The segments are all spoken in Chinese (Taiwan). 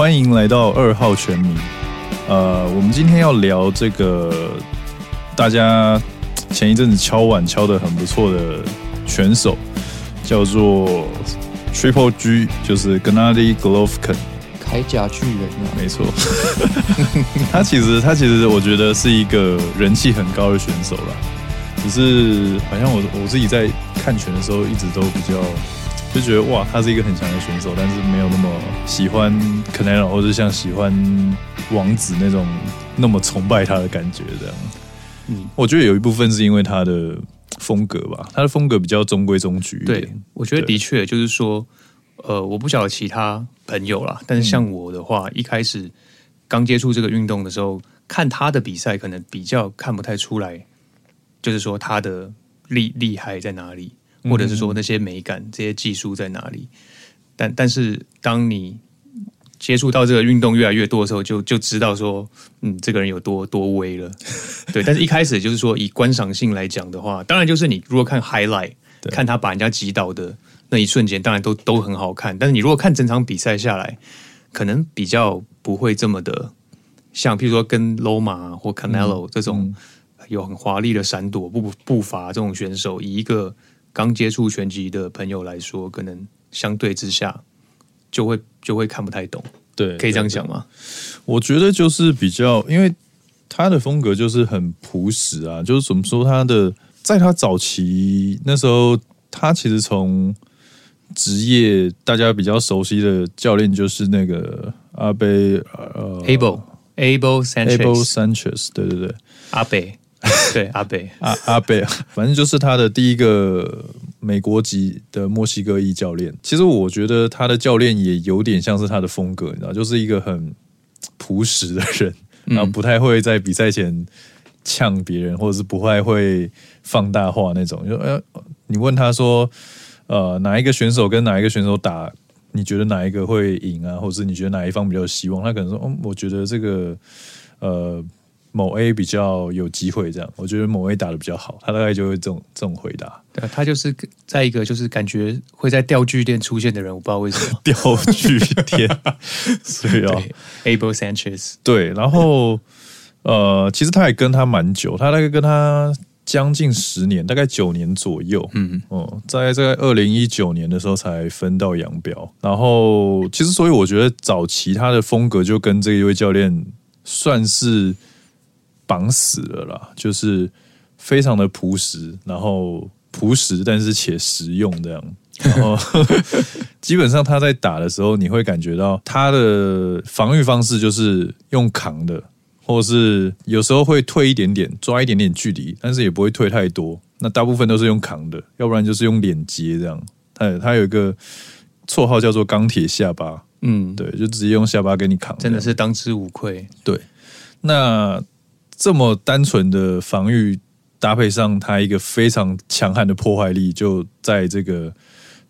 歡迎來到二號全民。呃，我們今天要聊這個，大家前一陣子敲碗敲得很不錯的選手，叫做 Triple G，就是 Gennadiy Golovkin，鎧甲巨人啊。沒錯， 他其實他其實我覺得是一個人氣很高的選手了，只是好像我我自己在看拳的時候一直都比較。就覺得哇，他是一個很強的選手，但是沒有那麼喜歡可 n e e 或者是像喜歡王子那種那麼崇拜他的感覺這樣。嗯，我覺得有一部分是因為他的風格吧，他的風格比較中規中矩。對，我覺得的確就是說，呃，我不曉得其他朋友啦，但是像我的話，嗯、一開始剛接觸這個運動的時候，看他的比賽，可能比較看不太出來，就是說他的厲厲害在哪裡。或者是說那些美感、嗯、這些技術在哪裡？但但是當你接觸到這個運動越來越多的時候，就就知道說，嗯，這個人有多多威了。 對，但是一開始就是說以觀賞性來講的話，當然就是你如果看 highlight，看他把人家擊倒的那一瞬間，當然都都很好看。但是你如果看整場比賽下來，可能比較不會這麼的像，譬如說跟羅馬、啊、或 Canelo、嗯、這種有很華麗的閃躲步步伐這種選手，以一個。剛接觸拳擊的朋友來說，可能相對之下就會就會看不太懂，對，可以這樣講嗎？對對對。我覺得就是比較，因為他的風格就是很樸實啊，就是怎麼說他的，在他早期那時候，他其實從職業大家比較熟悉的教練就是那個阿貝，呃，Abel Abel Sanchez，對對對，阿貝。對阿貝、 啊、阿貝， 反正就是他的第一個美國籍的墨西哥裔教練。其實我覺得他的教練也有點像是他的風格，你知道，就是一個很樸實的人，然後不太會在比賽前嗆別人，或者是不太會放大話那種。就你問他說，呃，哪一個選手跟哪一個選手打，你覺得哪一個會贏啊，或者是你覺得哪一方比較有希望？他可能說，嗯、哦，我覺得這個，呃。某 A 比較有機會，這樣我覺得某 A 打得比較好，他大概就會這種這種回答。對、啊、他就是在一個就是感覺會在釣具店出現的人，我不知道為什麼釣具店。 巨天 所以啊，Abel Sanchez 對，然後呃，其實他也跟他蠻久，他那個跟他將近十年，大概九年左右。嗯嗯，哦，在這個二零一九年的時候才分道揚鑣。然後其實所以我覺得早期他的風格就跟這一位教練算是。綁死了啦，就是非常的樸實，然後樸實但是且實用這樣。然後 基本上他在打的時候，你會感覺到他的防禦方式就是用扛的，或者是有時候會退一點點，抓一點點距離，但是也不會退太多。那大部分都是用扛的，要不然就是用臉接這樣。他他有一個綽號叫做鋼鐵下巴，嗯，對，就直接用下巴給你扛，真的是當之無愧。對，那。這麼單純的防禦搭配上他一個非常強悍的破壞力，就在這個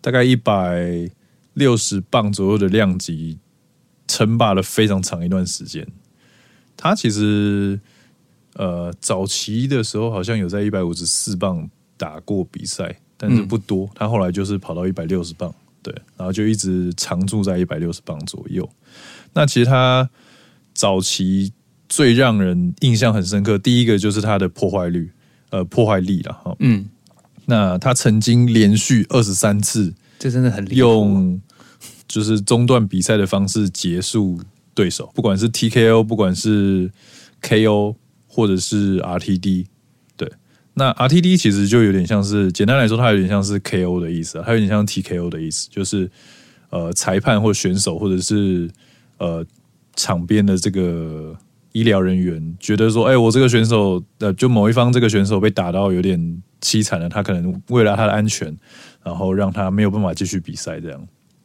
大概一百六十磅左右的量級稱霸了非常長一段時間。他其實呃早期的時候好像有在一百五十四磅打過比賽，但是不多。嗯、他後來就是跑到一百六十磅，對，然後就一直常駐在一百六十磅左右。那其實他早期。最讓人印象很深刻，第一個就是他的破壞率，呃，破壞力了哈。嗯，那他曾經連續二十三次，這真的很用，就是中斷比賽的方式結束對手，不管是 TKO，不管是 KO，或者是 RTD。對，那 RTD 其實就有點像是，簡單來說，它有點像是 KO 的意思，它有點像 TKO 的意思，就是呃，裁判或選手或者是呃，場邊的這個。醫療人員覺得說：“哎、欸，我這個選手，呃，就某一方這個選手被打到有點淒慘了，他可能為了他的安全，然後讓他沒有辦法繼續比賽，這樣，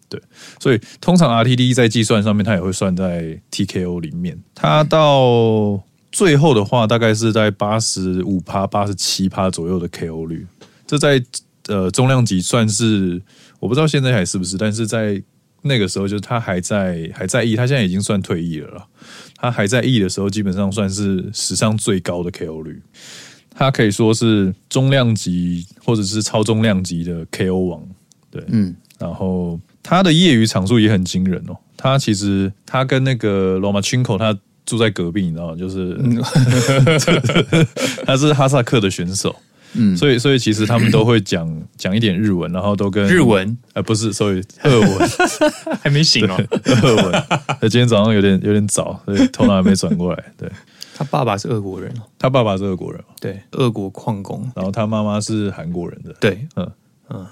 對。所以通常 RTD 在計算上面，他也會算在 TKO 裡面。他到最後的話，大概是在八十五趴、八十七趴左右的 KO 率。這在呃中量級算是，我不知道現在還是不是，但是在。”那個時候就是他還在還在役，他現在已經算退役了。他還在役的時候，基本上算是史上最高的 KO 率。他可以說是中量級或者是超中量級的 KO 王，對，嗯。然後他的業餘場數也很驚人哦。他其實他跟那個羅馬琴科他住在隔壁，你知道嗎？就是、嗯、 他是哈薩克的選手。嗯，所以所以其實他們都會講講一點日文，然後都跟日文啊，欸、不是，所以俄文還沒醒哦，俄文，他 今天早上有點有點早，所以頭腦還沒轉過來。對，他爸爸是俄國人、哦，他爸爸是俄國人、哦，對，俄國礦工，然後他媽媽是韓國人的，對，嗯嗯，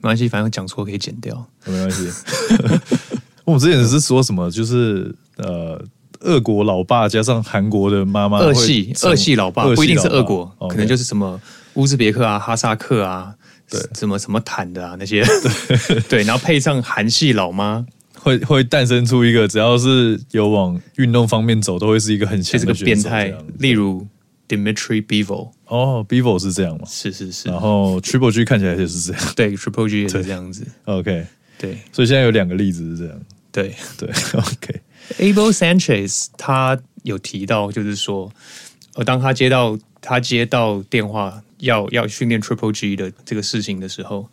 沒關係，反正講錯可以剪掉，沒關係。 我之前是說什麼，就是呃，俄國老爸加上韓國的媽媽，俄系俄系老爸不一定是俄國，哦 okay. 可能就是什麼。烏茲別克啊，哈薩克啊，什麼什麼坦的啊，那些，對，對， 對，然後配上韓系老媽，會會誕生出一個，只要是有往運動方面走，都會是一個很強的、這個、變態，例如 Dmitry Bivol，哦、oh,，Bivol 是這樣嗎？是是是。然後 Triple G, G 看起來也是這樣，對，Triple G, G 也是這樣子對。OK，對，所以現在有兩個例子是這樣，對對。OK、okay. Abel Sanchez 他有提到，就是說，當他接到他接到電話。要要訓練 Triple G 的這個事情的時候，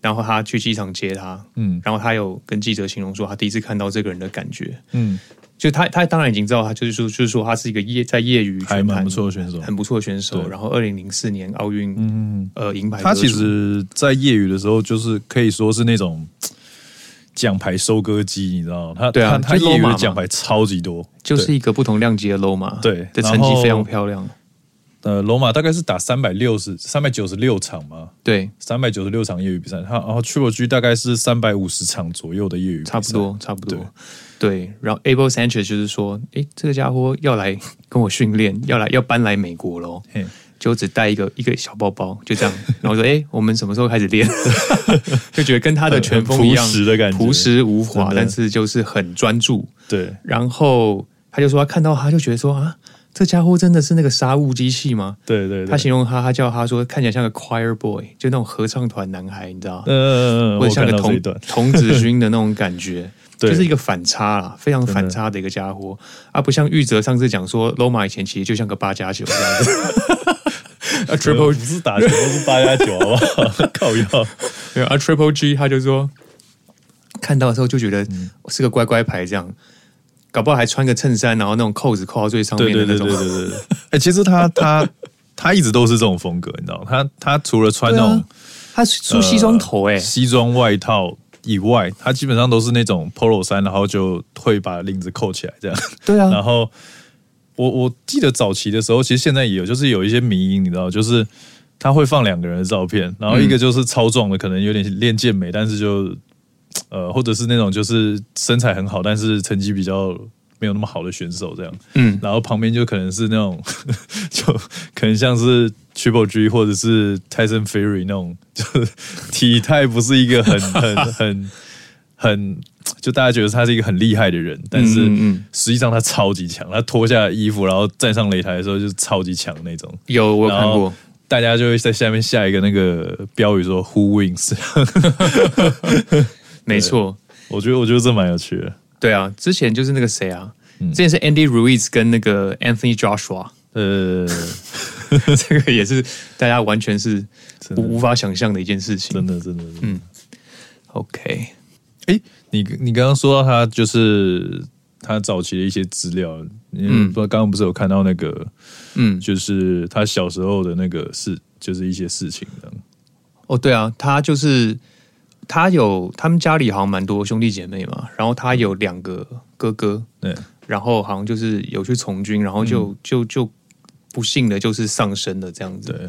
然後他去機場接他，嗯，然後他有跟記者形容說他第一次看到這個人的感覺，嗯，就他他當然已經知道他就是說就是說他是一個業在業餘還蠻不錯的選手，很不錯的選手。然後二零零四年奧運，嗯呃銀牌，他其實在業餘的時候就是可以說是那種獎牌收割機，你知道嗎？他對啊，他業餘的獎牌超級多就，就是一個不同量級的 low 嘛，對，的成績非常漂亮。呃，羅馬大概是打三百六十、三百九十六場嘛，對，三百九十六場業餘比賽。然後 Triple G 大概是三百五十場左右的業餘比賽，差不多，差不多。對，對，然後 Abel Sanchez 就是說，哎，這個傢伙要來跟我訓練，要來要搬來美國嘍。就只帶一個一個小包包，就這樣。然後說，哎， 我們什麼時候開始練？ 就覺得跟他的拳風一樣，樸實，實無華，但是就是很專注。對。然後他就說，他看到他就覺得說啊。這家伙真的是那個殺戮機器嗎？對對，對，他形容他，他叫他說，看起來像個 choir boy，就那種合唱團男孩，你知道呃嗯嗯嗯，或者像個童童子軍的那種感覺 對，就是一個反差啊，非常反差的一個家伙啊，不像玉澤上次講說羅馬以前其實就像個八加九，哈哈哈 triple 不是打手，是八加九，好不好？靠腰，啊 Triple G，他就說看到的時候就覺得是個乖乖牌，這樣。搞不好還穿個襯衫，然後那種扣子扣到最上面的那種。對對對對對，對，對，對、 欸、其實他他他一直都是這種風格，你知道嗎？他他除了穿那種，啊、他出西裝頭哎、欸呃，西裝外套以外，他基本上都是那種 Polo 衫，然後就會把領子扣起來這樣。對啊。然後我我記得早期的時候，其實現在也有，就是有一些迷因，你知道嗎？就是他會放兩個人的照片，然後一個就是超壯的，可能有點練健美，但是就。呃，或者是那種就是身材很好，但是成績比較沒有那麼好的選手這樣，嗯，然後旁邊就可能是那種，呵呵就可能像是 Triple G 或者是泰森菲瑞那種，就是體態不是一個很很很很，就大家覺得他是一個很厲害的人，但是實際上他超級強，他脫下衣服然後站上擂台的時候就是超級強那種。有我有看過，大家就會在下面下一個那個標語說 “Who wins”。 沒錯，我覺得我覺得這蠻有趣的。對啊，之前就是那個誰啊？嗯、之前是 Andy Ruiz 跟那個 Anthony Joshua，呃，嗯、 這個也是大家完全是無、無法想象的一件事情，真的，真的，真的，嗯。OK，哎、欸，你你剛剛說到他，就是他早期的一些資料，嗯，不，剛剛不是有看到那個，嗯，就是他小時候的那個事，就是一些事情。哦，對啊，他就是。他有，他們家裡好像蠻多兄弟姐妹嘛，然後他有兩個哥哥，對，然後好像就是有去從軍，然後就、嗯、就就不幸的就是喪生了這樣子對。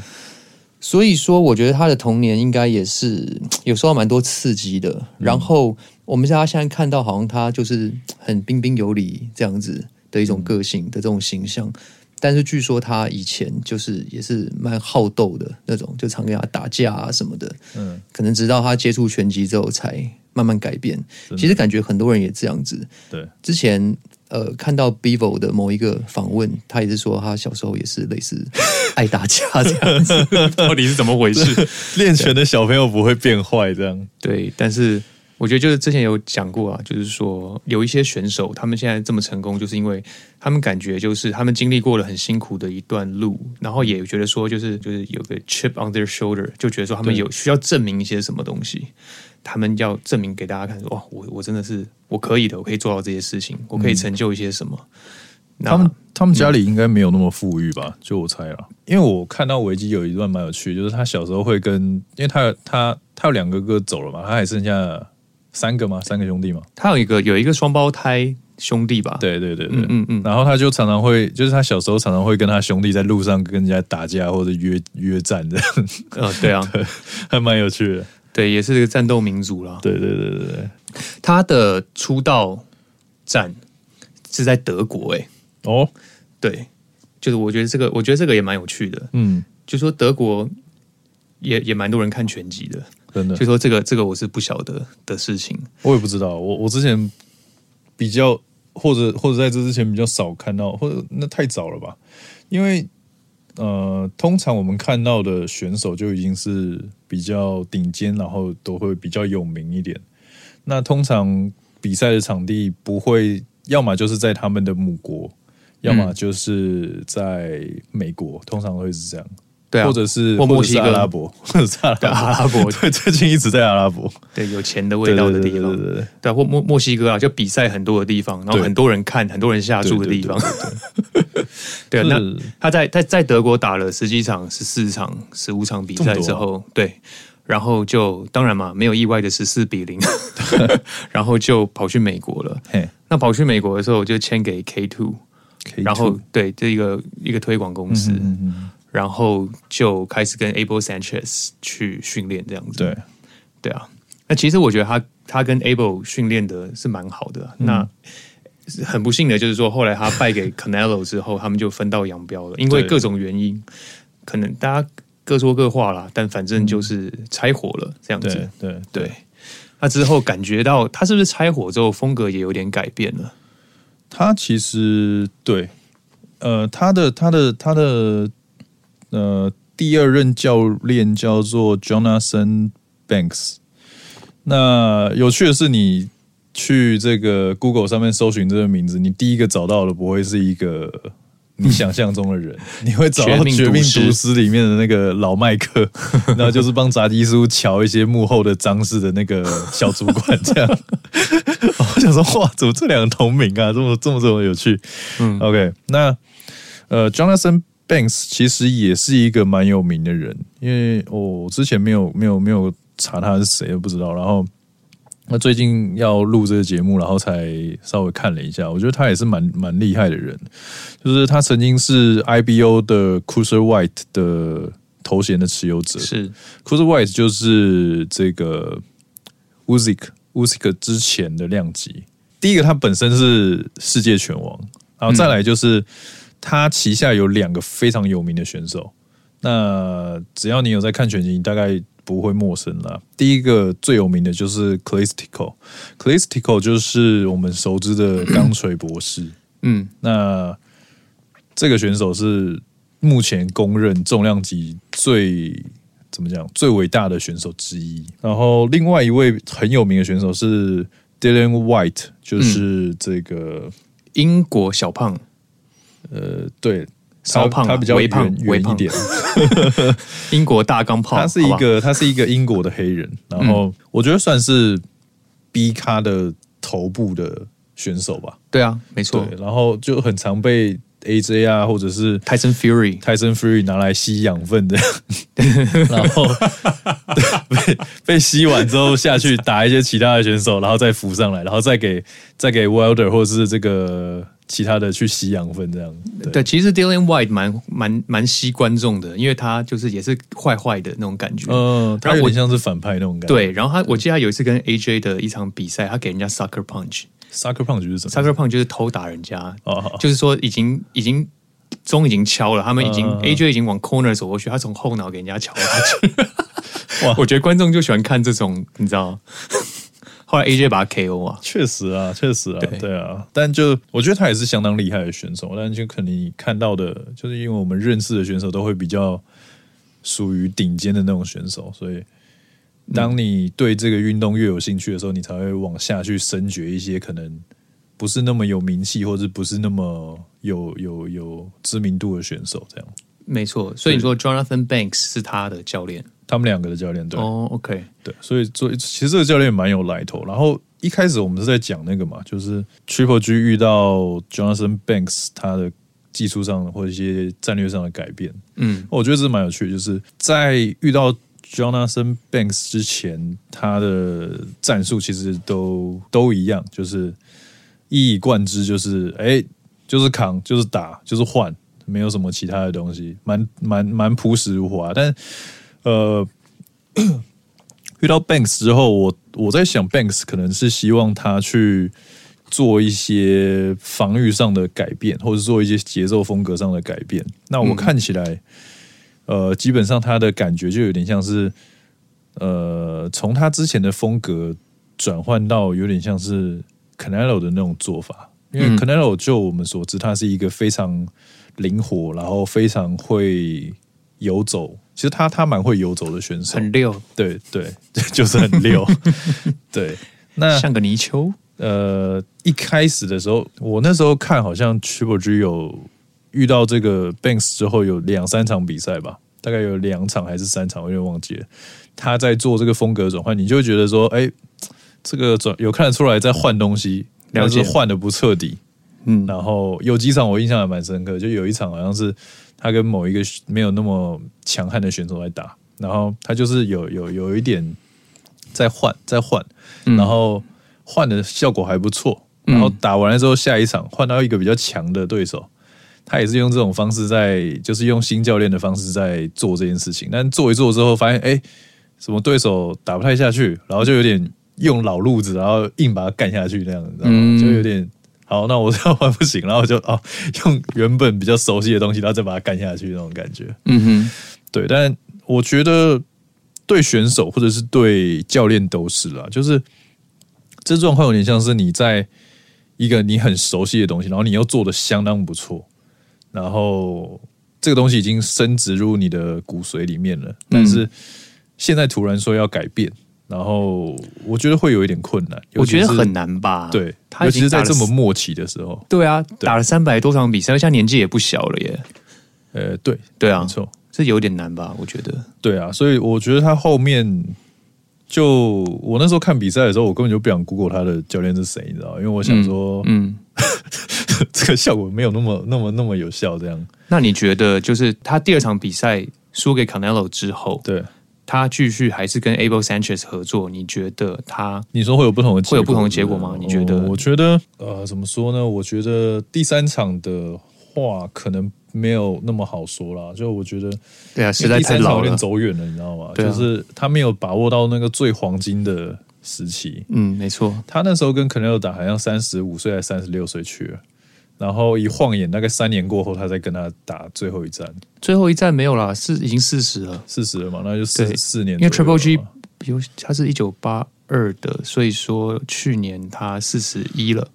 所以說我覺得他的童年應該也是有受到蠻多刺激的。嗯、然後我們在他現在看到，好像他就是很彬彬有禮這樣子的一種個性的這種形象。嗯但是據說他以前就是也是蠻好鬥的那種，就常跟他打架啊什麼的。嗯，可能直到他接觸拳擊之後，才慢慢改變。其實感覺很多人也這樣子。對，之前呃看到 Bivo 的某一個訪問，他也是說他小時候也是類似愛打架這樣子。 到底是怎麼回事？ 練拳的小朋友不會變壞這樣？對，但是。我覺得就是之前有講過啊，就是說有一些選手，他們現在這麼成功，就是因為他們感覺就是他們經歷過了很辛苦的一段路，然後也覺得說，就是就是有個 chip on their shoulder，就覺得說他們有需要證明一些什麼東西，他們要證明給大家看說，說哇，我我真的是我可以的，我可以做到這些事情，嗯、我可以成就一些什麼。他們他們家裡應該沒有那麼富裕吧？就我猜了、嗯，因為我看到維基有一段蠻有趣，就是他小時候會跟，因為他他他，他有兩個哥走了嘛，他還剩下。三個嗎？三個兄弟嗎？他有一個，有一個雙胞胎兄弟吧？對對對對嗯，嗯嗯。然後他就常常會，就是他小時候常常會跟他兄弟在路上跟人家打架或者約約戰的。嗯、哦，對啊對，還蠻有趣的。對，也是一個戰鬥民族了。對對對對對。他的出道戰是在德國誒、欸、哦。對，就是我覺得這個，我覺得這個也蠻有趣的。嗯，就說德國也也蠻多人看拳擊的。真的，所以說這個這個我是不曉得的事情，我也不知道。我我之前比較或者或者在這之前比較少看到，或者那太早了吧？因為呃，通常我們看到的選手就已經是比較頂尖，然後都會比較有名一點。那通常比賽的場地不會，要麼就是在他們的母國，要麼就是在美國，嗯、通常會是這樣。對、啊，或者是或墨西哥、或者阿拉伯、或者阿拉伯阿拉伯，對，最近一直在阿拉伯，對，有錢的味道的地方，對，對，對，對，對，或墨墨西哥啊，就比賽很多的地方，然後很多人看，對對對對很多人下注的地方，對啊， 那他在在在德國打了十幾場，十四場、十五場比賽之後，對，然後就當然嘛，沒有意外的十四比零， 然後就跑去美國了。嘿，那跑去美國的時候，我就簽給 K2，然後對這一個一個推廣公司。嗯哼嗯哼然後就開始跟 Abel Sanchez 去訓練這樣子，對，對啊。那其實我覺得他他跟 Abel 訓練的是蠻好的，嗯。那很不幸的就是說，後來他敗給 Canelo 之後， 他們就分道揚鑣了，因為各種原因，可能大家各說各話啦，但反正就是拆夥了，嗯，這樣子，對對，對，對，對。那之後感覺到他是不是拆夥之後風格也有點改變了？他其實對，呃，他的他的他的。他的呃，第二任教練叫做 Jonathan Banks。那有趣的是，你去這個 Google 上面搜尋這個名字，你第一個找到的不會是一個你想象中的人， 你會找到《絕命毒師》 毒師裡面的那個老麥克， 那就是幫炸雞叔瞧一些幕後的髒事的那個小主管。這樣、 哦，我想說，哇，怎麼這兩個同名啊？這麼這麼這麼有趣。嗯，OK，那呃，Jonathan。Banks 其實也是一個蠻有名的人，因為我、哦、之前沒有、沒有、沒有查他是誰，不知道。然後，那最近要錄這個節目，然後才稍微看了一下，我覺得他也是蠻蠻厲害的人。就是他曾經是 IBO 的 Cruiserweight 的頭銜的持有者，是 Cruiserweight 就是這個 Usyk Usyk 之前的量級。第一個，他本身是世界拳王，然後再來就是。嗯他旗下有兩個非常有名的選手，那只要你有在看拳擊，你大概不會陌生了。第一個最有名的就是 Klitschko Klitschko 就是我們熟知的鋼錘博士咳咳。嗯，那這個選手是目前公認重量級最怎麼講最偉大的選手之一。然後，另外一位很有名的選手是 Dillian Whyte，就是這個、嗯、英國小胖。呃，對，稍胖他，他比較圓圓一點。 英國大鋼炮，他是一個，他是一個英國的黑人，然後、嗯、我覺得算是 B 咖的頭部的選手吧。對啊，沒錯。然後就很常被 AJ 啊，或者是 Tyson Fury、Tyson Fury 拿來吸養分的， 然後 對，被被吸完之後下去打一些其他的選手， 然後再浮上來，然後再給再給 Wilder 或者是這個。其他的去吸養分這樣，對，對其實 Dillian Whyte 蠻蠻蠻，蠻吸觀眾的，因為他就是也是壞壞的那種感覺，嗯、呃，他很像是反派那種感覺。對，然後他我記得他有一次跟 AJ 的一場比賽，他給人家 Sucker Punch，Sucker、嗯、Punch 是什麼？Sucker Punch 就是偷打人家，oh, 就是說已經已經鐘已經敲了，他們已經、uh, AJ 已經往 corner 走過去，他從後腦給人家敲下去。 哇 我覺得觀眾就喜歡看這種，你知道後來 AJ 把他 KO 啊，確實啊，確實啊，對，對啊。但就我覺得他也是相當厲害的選手，但就可能你看到的，就是因為我們認識的選手都會比較屬於頂尖的那種選手，所以當你對這個運動越有興趣的時候，嗯，你才會往下去深掘一些可能不是那麼有名氣或者不是那麼有有有知名度的選手這樣。沒錯，所以你說 Jonathan Banks 是他的教練。他們兩個的教練對，哦、oh，OK，對，所以，所以其實這個教練蠻有來頭。然後一開始我們是在講那個嘛，就是 Triple G 遇到 Jonathan Banks，他的技術上或者一些戰略上的改變。嗯，我覺得這是蠻有趣的，就是在遇到 Jonathan Banks 之前，他的戰術其實都都一樣，就是一以貫之，就是哎，就是扛，就是打，就是換，沒有什麼其他的東西，蠻蠻蠻，蠻，蠻樸實無華，但。呃，遇到 Banks 之後，我我在想 Banks 可能是希望他去做一些防禦上的改變，或者做一些節奏風格上的改變。那我看起來、嗯，呃，基本上他的感覺就有點像是，呃，從他之前的風格轉換到有點像是 Canelo 的那種做法。嗯、因為 Canelo 就我們所知，他是一個非常靈活，然後非常會游走。其實他他蠻會游走的選手，很溜，對對，就是很溜。 對，那像個泥鰍。呃，一開始的時候，我那時候看，好像 Triple G 有遇到這個 Banks 之後，有兩三場比賽吧，大概有兩場還是三場，我有點忘記了。他在做這個風格轉換，你就會覺得說，哎，這個轉有看得出來在換東西，嗯、但是換的不徹底。嗯，然後有幾場我印象還蠻深刻，就有一場好像是。他跟某一個沒有那麼強悍的選手來打，然後他就是有有有一點在換在換，然後換的效果還不錯，然後打完了之後下一場換到一個比較強的對手，他也是用這種方式在就是用新教練的方式在做這件事情，但做一做之後發現哎，什麼對手打不太下去，然後就有點用老路子，然後硬把他幹下去那樣，你知道嗎？就有點。好，那我這樣玩不行，然後我就哦，用原本比較熟悉的東西，然後再把它幹下去，那種感覺。嗯哼，對。但我覺得對選手或者是對教練都是啦，就是這狀況有點像是你在一個你很熟悉的東西，然後你又做的相當不錯，然後這個東西已經深植入你的骨髓裡面了、嗯，但是現在突然說要改變。然後我覺得會有一點困難，我覺得很難吧。對，他尤其是在這麼末期的時候。對啊，對，打了三百多場比賽，像年紀也不小了耶。呃，對，對啊，沒錯，這有點難吧？我覺得。對啊，所以我覺得他後面就我那時候看比賽的時候，我根本就不想 Google 他的教練是誰，你知道，因為我想說，嗯，嗯 這個效果沒有那麼、那麼、那麼有效。這樣，那你覺得就是他第二場比賽輸給 Canelo 之後，對？他繼續還是跟 Abel Sanchez 合作？你覺得他？你說會有不同的會有不同的結果嗎？你覺得？我覺得，呃，怎麼說呢？我覺得第三場的話，可能沒有那麼好說了。就我覺得，對啊，實在太老了，走遠了，你知道嗎、啊？就是他沒有把握到那個最黃金的時期。嗯，沒錯，他那時候跟 Canelo 打好像三十五歲還是三十六歲去了。然後一晃眼，大、那、概、個、三年過後，他再跟他打最後一戰。最後一戰沒有啦了，是已經四十了，四十了嘛？那就四十四年。因為 Triple G 比如他是一九八二的，所以說去年他四十一了。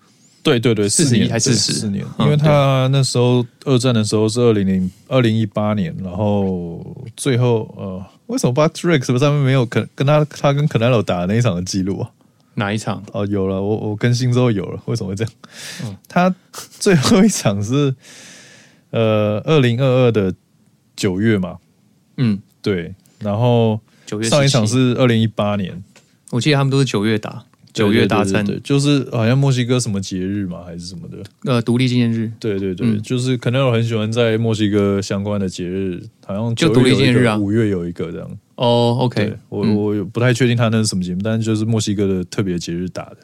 對對對，四十一還四十，四年，嗯。因為他那時候二戰的時候是二零零二零一八年，然後最後呃，為什麼 BoxRec 上面沒有肯跟他他跟 Canelo 打的那一場的記錄啊？哪一場？哦，有了，我我更新之後有了。為什麼會這樣？嗯，他最後一場是呃，二零二二的九月嘛。嗯，對。然後上一場是二零一八年。我記得他們都是九月打，九月大戰，就是好像墨西哥什麼節日嘛，還是什麼的？呃，獨立紀念日。對對對，嗯，就是可能我很喜歡在墨西哥相關的節日，好像就獨立紀念日啊，五月有一個這樣。哦、oh，OK、嗯、我我不太確定他那是什麼節目，但是就是墨西哥的特別節日打的。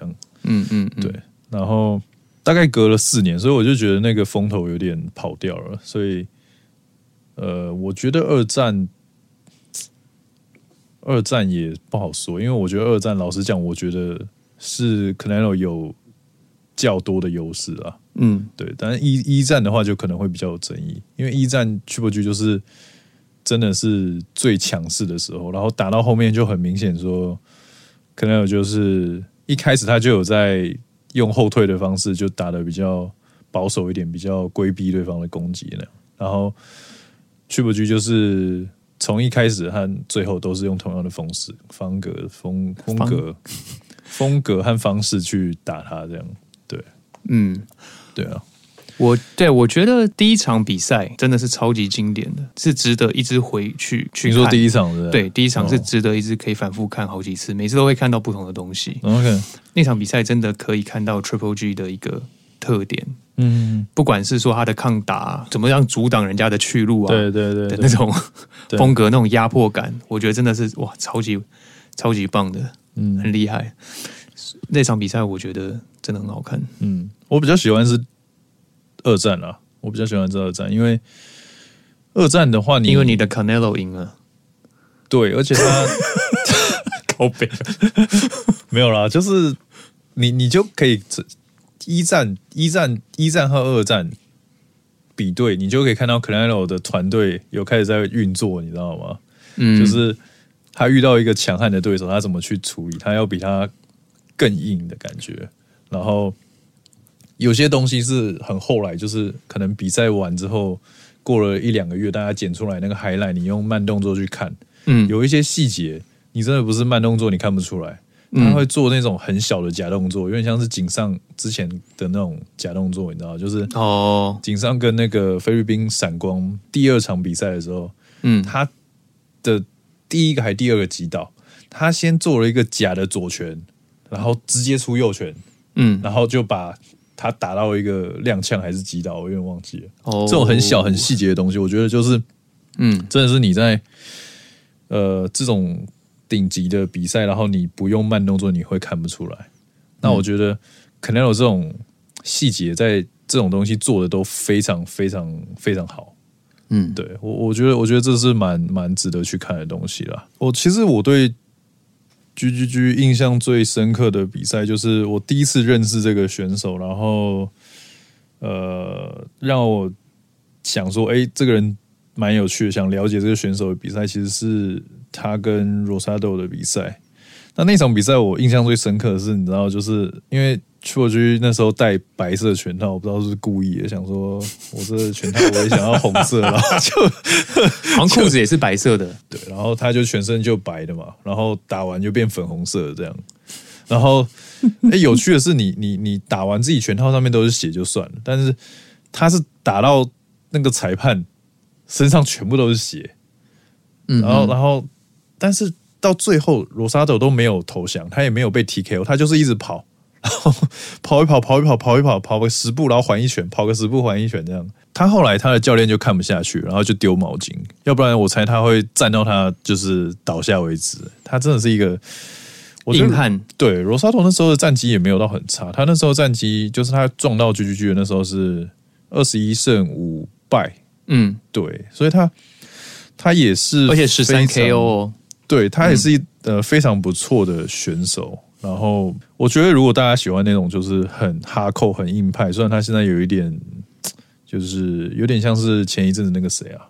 嗯嗯、嗯對。然後大概隔了四年，所以我就覺得那個風頭有點跑掉了。所以，呃，我覺得二戰二戰也不好說，因為我覺得二戰老實講，我覺得是 Canelo 有較多的優勢啊。嗯，對。但是一一戰的話，就可能會比較有爭議，因為一戰去不去就是。真的是最強勢的時候，然後打到後面就很明顯說，可能有就是一開始他就有在用後退的方式，就打得比較保守一點，比較規避對方的攻擊那樣。然後去不去就是從一開始和最後都是用同樣的方式，方格方風格、風格、風格和方式去打他這樣。對，嗯，對啊。我對，我覺得第一場比賽真的是超級經典的，是值得一直回去去看，聽說第一場是，是？對，第一場是值得一直可以反覆看好幾次，每次都會看到不同的東西。O.K. 那場比賽真的可以看到 Triple G 的一個特點，嗯哼哼，不管是說他的抗打，怎麼樣阻擋人家的去路啊，對對對，對，那種風格、那種壓迫感，我覺得真的是哇，超級超級棒的，嗯，很厲害。那場比賽我覺得真的很好看，嗯，我比較喜歡是。二戰啦，我比較喜歡這二戰，因為二戰的話你，你因為你的 Canelo 贏了，對，而且他靠北， 白了 沒有啦，就是你你就可以一戰一戰一戰和二戰比對，你就可以看到 Canelo 的團隊有開始在運作，你知道嗎？嗯，就是他遇到一個強悍的對手，他怎麼去處理他，他要比他更硬的感覺，然後。有些東西是很後來，就是可能比賽完之後，過了一兩個月，大家剪出來那個海 t 你用慢動作去看、嗯，有一些細節，你真的不是慢動作，你看不出來。他會做那種很小的假動作，有點像是井上之前的那種假動作，你知道，就是哦，井上跟那個菲律賓閃光第二場比賽的時候，他的第一個還第二個擊倒，他先做了一個假的左拳，然後直接出右拳，然後就把。他打到一個踉蹌還是擊倒，我有點忘記了。Oh, 這種很小很細節的東西，oh, wow. 我覺得就是，嗯，真的是你在，呃，這種頂級的比賽，然後你不用慢動作，你會看不出來。嗯，那我覺得可能有這種細節，在這種東西做的都非常非常非常好。嗯，對，我，我覺得我覺得這是蠻蠻值得去看的東西啦。我其實我對。GGG，印象最深刻的比賽就是我第一次認識這個選手，然後呃，讓我想說，誒這個人蠻有趣的，想了解這個選手的比賽，其實是他跟 Rosado 的比賽。那那場比賽我印象最深刻的是，你知道，就是因為去過去那時候戴白色拳套，我不知道是不是故意的，想說我這個拳套，我也想要紅色了，就 然後好像褲子也是白色的，對，然後他就全身就白的嘛，然後打完就變粉紅色這樣，然後哎、欸，有趣的是你，你你你打完自己拳套上面都是血就算了，但是他是打到那個裁判身上全部都是血，嗯、然後然後但是。到最後，羅莎鬥都沒有投降，他也沒有被 T K O，他就是一直跑，然後跑一跑，跑一跑，跑一跑，跑個十步，然後還一拳，跑個十步，還一拳這樣。他後來他的教練就看不下去，然後就丟毛巾，要不然我猜他會站到他就是倒下為止。他真的是一個我硬漢。對，羅莎鬥那時候的戰績也沒有到很差，他那時候戰績就是他撞到 GGG 的那時候是二十一勝五敗。嗯，對，所以他他也是，而且十三 K O，哦。對，他也是一呃非常不錯的選手，嗯、然後我覺得如果大家喜歡那種就是很哈扣很硬派，雖然他現在有一點，就是有點像是前一陣子那個誰啊？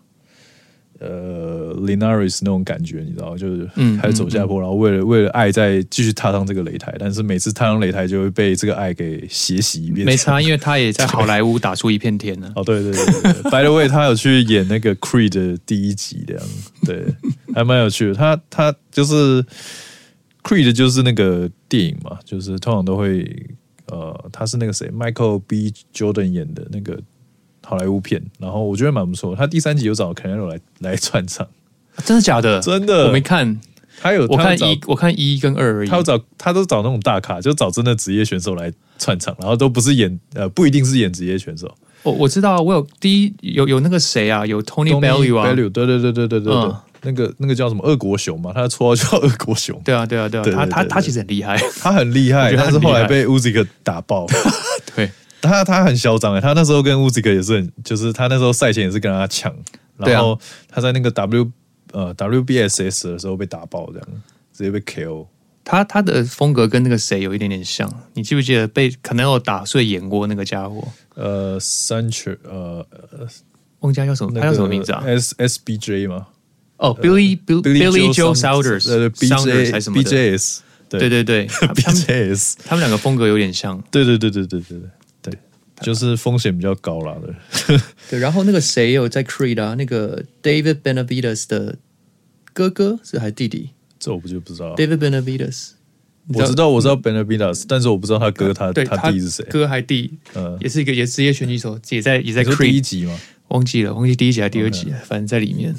呃、uh，Linares 那種感覺，你知道，就是開始走下坡，嗯、然後為了、嗯、為了愛再繼續踏上這個擂台、嗯嗯，但是每次踏上擂台就會被這個愛給血洗洗一遍。沒差，因為他也在好萊塢打出一片天呢。 哦，對對對，對，對 ，By the way，他有去演那個 Creed 的第一集的，對， 還蠻有趣的。他他就是 Creed 就是那個電影嘛，就是通常都會呃，他是那個誰，Michael B. Jordan 演的那個。好萊塢片，然後我覺得蠻不錯。他第三集有找 Canelo 來來串場、啊，真的假的？真的，我沒看。他有我看一，我看一、e, e、跟二而已。他有找他都找那種大咖，就找真的職業選手來串場，然後都不是演呃，不一定是演職業選手。我、哦、我知道，我有第一有有那個誰啊，有 Tony Bellew 啊，對對對對對對，嗯，那個那個叫什麼二國雄嘛，他的綽號叫二國雄。對啊對啊對啊，對啊，他啊他、啊、他，他其實很厲害， 他很厲害，他是後來被 Usyk 打爆。 他他很囂張哎、欸，他那時候跟烏茲克也是很，就是他那時候賽前也是跟他搶、啊，然後他在那個 W 呃 WBSS 的時候被打爆這樣，直接被 KO。他他的風格跟那個誰有一點點像，你記不記得被可能有打碎眼窩那個家伙？呃，u n c 三缺呃，Sancher, 呃，忘記叫什麼，那個、他叫什麼名字啊？S S B J 嗎？哦、oh, Billy, Billy,，Billy Billy Joe Saunders，Saunders 還是 BJS？對,對對對 ，BJS，他,他們兩個風格有點像。對對對對對對對,對。就是風險比較高啦的。 對，然後那個誰有在 Creed 啊？那個 David Benavides 的哥哥是還是弟弟？這我不就不知道，啊。David Benavides，我知道，我知道，我知道 Benavides，嗯、但是我不知道他哥他他弟弟是誰。哥還弟，呃、嗯，也是一個也職業拳擊手、嗯自己也，也在也在 Creed 第一集嗎？忘記了，忘記第一集還第二集，okay. 反正在裡面。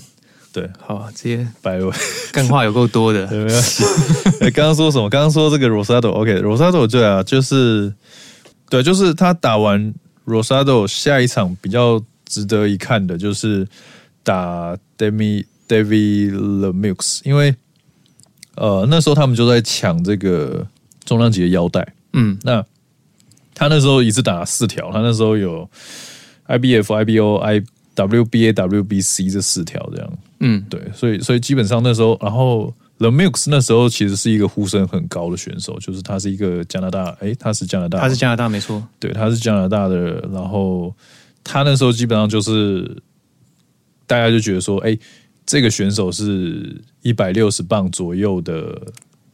對，好，這些白文幹話有夠多的。沒關係 剛剛說什麼？剛剛說這個 Rosado，OK，Rosado，okay, 對啊，就是。對，就是他打完 Rosado，下一場比較值得一看的就是打 Demi David Lemieux，因為呃那時候他們就在搶這個中量級的腰帶。嗯，那他那時候一次打了四條，他那時候有 IBF、IBO、I、WBA、WBC 這四條這樣。嗯，對，所以所以基本上那時候，然後。The Mix 那時候其實是一個呼聲很高的選手，就是他是一個加拿大，誒、欸，他是加拿大，他是加拿大，沒錯，對，他是加拿大的。然後他那時候基本上就是大家就覺得說，誒、欸，這個選手是一百六十磅左右的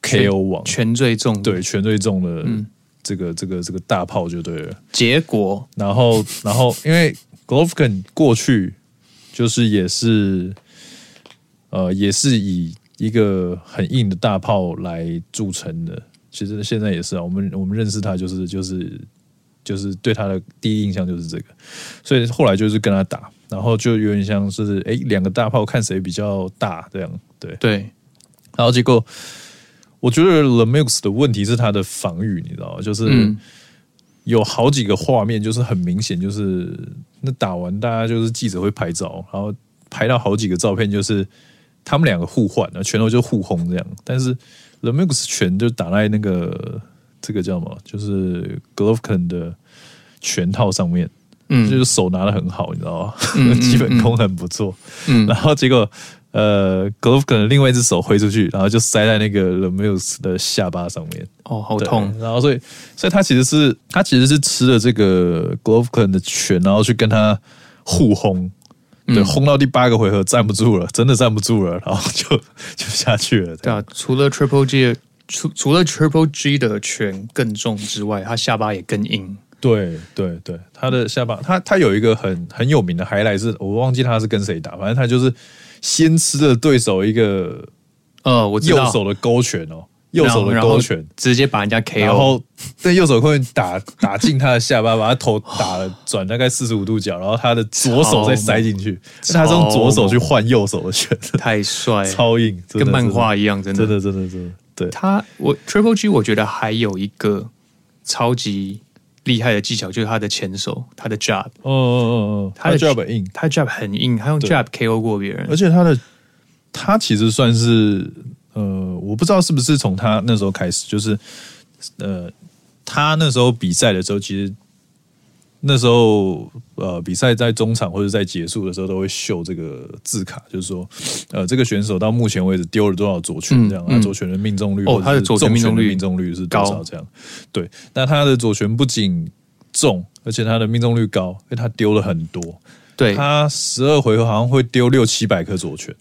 KO 王，拳，拳最重，對，拳最重的這個、嗯、這個、這個、這個大炮就對了。結果，然後然後因為 Golovkin 過去就是也是呃也是以。一個很硬的大炮來鑄成的，其實現在也是啊。我們我們認識他就是就是就是對他的第一印象就是這個，所以後來就是跟他打，然後就有點像、就是哎兩個大炮看誰比較大這樣，對對。然後結果，我覺得 Lemieux 的問題是他的防禦，你知道嗎？就是、嗯、有好幾個畫面，就是很明顯，就是那打完大家就是記者會拍照，然後拍到好幾個照片就是。他們兩個互換，然後拳頭就互轟這樣。但是 Lemieux 拳就打在那個這個叫什麼，就是 Golovkin 的拳套上面，嗯，就是手拿得很好，你知道嗎？嗯、 基本功很不錯。嗯。嗯然後結果，呃 Golovkin 的另外一只手揮出去，然後就塞在那個 Lemieux 的下巴上面。哦，好痛！然後所以，所以他其實是他其實是吃了這個 Golovkin 的拳，然後去跟他互轟。嗯對，轟到第八個回合站不住了，真的站不住了，然後就就下去了對。對啊，除了 Triple G 的，除除了 Triple G 的拳更重之外，他下巴也更硬。對對對，他的下巴，他他有一個很很有名的是，highlight 是我忘記他是跟誰打，反正他就是先吃了對手一個，呃，我右手的勾拳哦。呃右手的勾拳直接把人家 KO，然後右手的勾拳打打進他的下巴， 把他頭打了轉了大概四十五度角，然後他的左手再塞進去，他用左手去換右手的拳，太帥，超硬，跟漫畫一樣，真的，真的，真的對，對，對，對，對他，我 Triple G 我覺得還有一個超級厲害的技巧，就是他的前手，他的 jab 哦哦哦哦，他的 jab 很硬，他的 jab 很硬，他用 jab KO 過別人，而且他的他其實算是。呃，我不知道是不是從他那時候開始，就是，呃，他那時候比賽的時候，其實那時候呃比賽在中場或者在結束的時候，都會秀這個字卡，就是說，呃，這個選手到目前為止丟了多少左拳這樣，嗯啊、左拳的命中率哦，他的左拳命中率命中率是多少這樣？對，那他的左拳不僅重，而且他的命中率高，因為他丟了很多，對，他十二回合好像會丟六七百顆左拳。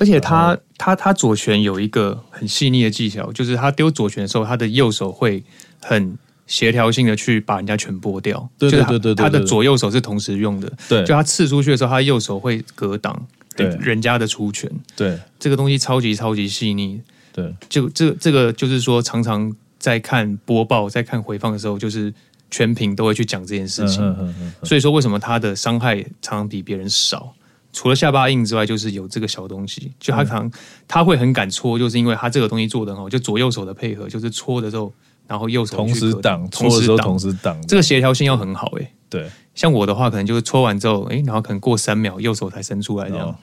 而且他他他左拳有一個很細膩的技巧，就是他丟左拳的時候，他的右手會很協調性的去把人家全撥掉。對對對對，他的左右手是同時用的。對，就他刺出去的時候，他右手會格擋對人家的出拳。對，這個東西超級超級細膩。對，就這這個就是說，常常在看播報、在看回放的時候，就是全屏都會去講這件事情。所以說，為什麼他的傷害常常比別人少？除了下巴印之外，就是有這個小東西。就他可能、嗯、他會很敢搓，就是因為他這個東西做得很好。就左右手的配合，就是搓的時候，然後右手同時擋，搓的時候同時擋，這個協調性要很好哎、欸。對，像我的話，可能就是搓完之後，哎，然後可能過三秒，右手才伸出來這樣。哦、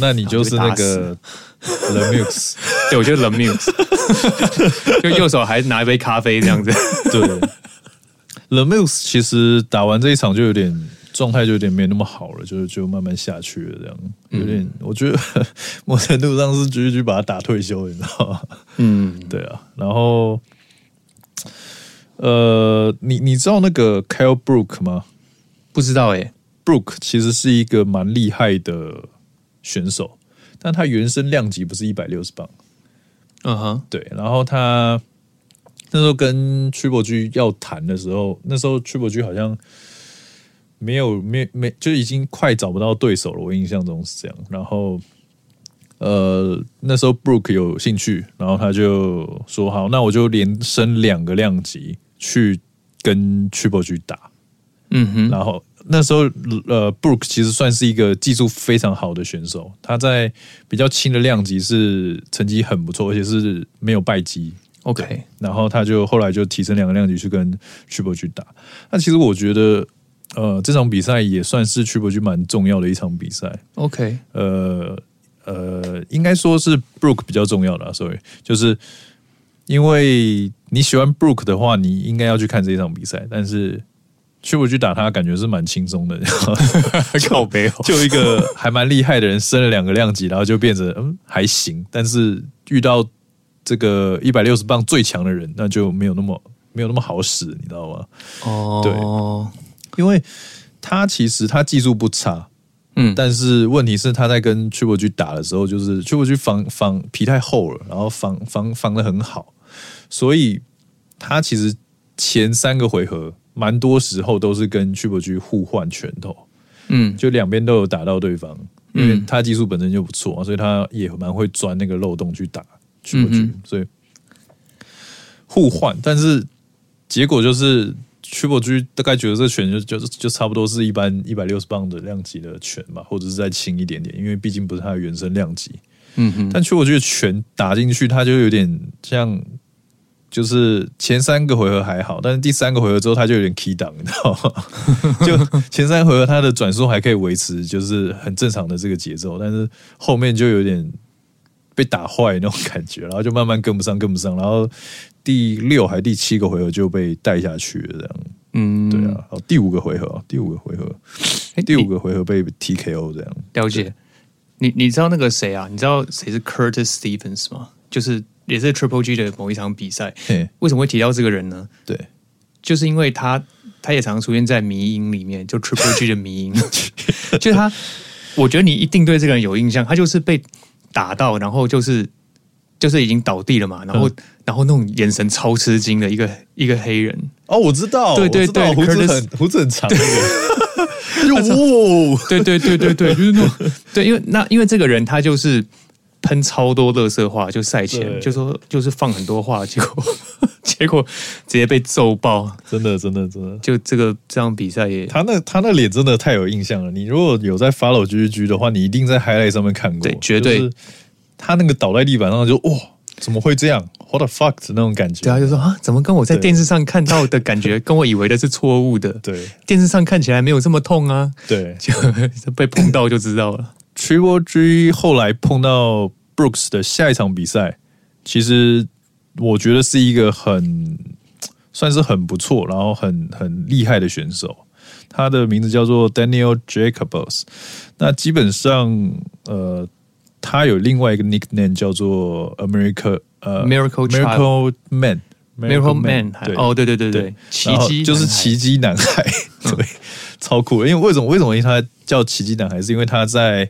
那你就是就那個 The Muse 對，我覺得 The Muse 就右手還拿一杯咖啡這樣子。對，The Muse 其實打完這一場就有點。狀態就有點沒那麼好了，就是就慢慢下去了，這樣有點、嗯。我覺得 某在程度上是局局把他打退休，你知道嗎？嗯，對啊。然後，呃，你你知道那個 Kyle Brook 嗎？不知道哎、欸。Brook 其實是一個蠻厲害的選手，但他原身量級不是一百六十磅。嗯哼。對，然後他那時候跟 t 伯駒要談的時候，那時候 t 伯駒好像。沒有，沒沒，就已經快找不到對手了。我印象中是這樣。然後，呃，那時候 Brooke 有興趣，然後他就說：“好，那我就連升兩個量級去跟 Triple 去打。”嗯哼。然後那時候，呃，Brooke 其實算是一個技術非常好的選手。他在比較輕的量級是成績很不錯，而且是沒有敗績。OK。然後他就後來就提升兩個量級去跟 Triple 去打。那其實我覺得。呃，這場比賽也算是 Triple G 蠻重要的一場比賽。OK，呃呃，應該說是 Brooke 比較重要的。啊。sorry，就是因為你喜歡 Brooke 的話，你應該要去看這場比賽。但是 Triple G 打他，感覺是蠻輕鬆的。靠 背， 就一個還蠻厲害的人升了兩個量級， 然後就變成嗯還行。但是遇到這個一百六十磅最強的人，那就沒有那麼沒有那麼好使，你知道嗎？哦、oh.，對。因為他其實他技術不差，嗯，但是問題是他在跟 Triple G 打的時候，就是 Triple G 防防皮太厚了，然後防防防的很好，所以他其實前三個回合蠻多時候都是跟 Triple G 互換拳頭，嗯，就兩邊都有打到對方，因為他技術本身就不錯，所以他也蠻會鑽那個漏洞去打 Triple G，所以互換，但是結果就是。曲伯駒大概覺得這拳就就就差不多是一般一百六十磅的量級的拳嘛，或者是再輕一點點，因為畢竟不是他的原生量級。嗯，但曲伯駒的拳打進去，他就有點像，就是前三個回合還好，但是第三個回合之後他就有點 key down，你知道嗎？ 就前三回合他的轉速還可以維持，就是很正常的這個節奏，但是後面就有點被打壞那種感覺，然後就慢慢跟不上，跟不上，然後。第六還是第七個回合就被帶下去了，這樣。嗯，對啊。哦，第五個回合，第五個回合，欸、第五個回合被 T K O 這樣。了解。你你知道那個誰啊？你知道誰是 Curtis Stevens 嗎？就是也是 Triple G 的某一場比賽、欸。為什麼會提到這個人呢？對，就是因為他他也常常出現在迷因裡面，就 Triple G 的迷因。 就是他，我覺得你一定對這個人有印象。他就是被打到，然後就是。就是已經倒地了嘛，然後、嗯、然後那種眼神超吃驚的一個一個黑人哦，我對對對，我知道，對對對，鬍子很 Curtis, 鬍子很長，哇、 呃，對對對對對，就是、 對，因為那因為這個人他就是噴超多垃圾話，就賽前就說就是放很多話，結果結果，結果直接被揍爆，真的真的真的，就這個這場比賽也他那他那臉真的太有印象了，你如果有在 follow G G G 的話，你一定在 highlight 上面看過，對，就是、絕對。他那個倒在地板上就，就、哦、哇，怎麼會這樣？What the fuck？那種感覺。對啊，就說啊，怎麼跟我在電視上看到的感覺，跟我以為的是錯誤的。對，電視上看起來沒有這麼痛啊。對，就被碰到就知道了。 Triple G 後來碰到 Brooks 的下一場比賽，其實我覺得是一個很算是很不錯，然後很很厲害的選手。他的名字叫做 Daniel Jacobs。那基本上，呃。他有另外一個 nickname 叫做 America，呃，uh，Miracle Man，Miracle Man，哦，Man，Man，oh，對對對對，奇蹟就是奇蹟，嗯，奇蹟男孩，對，超酷。因為為什麼為什麼他叫奇蹟男孩？是因為他在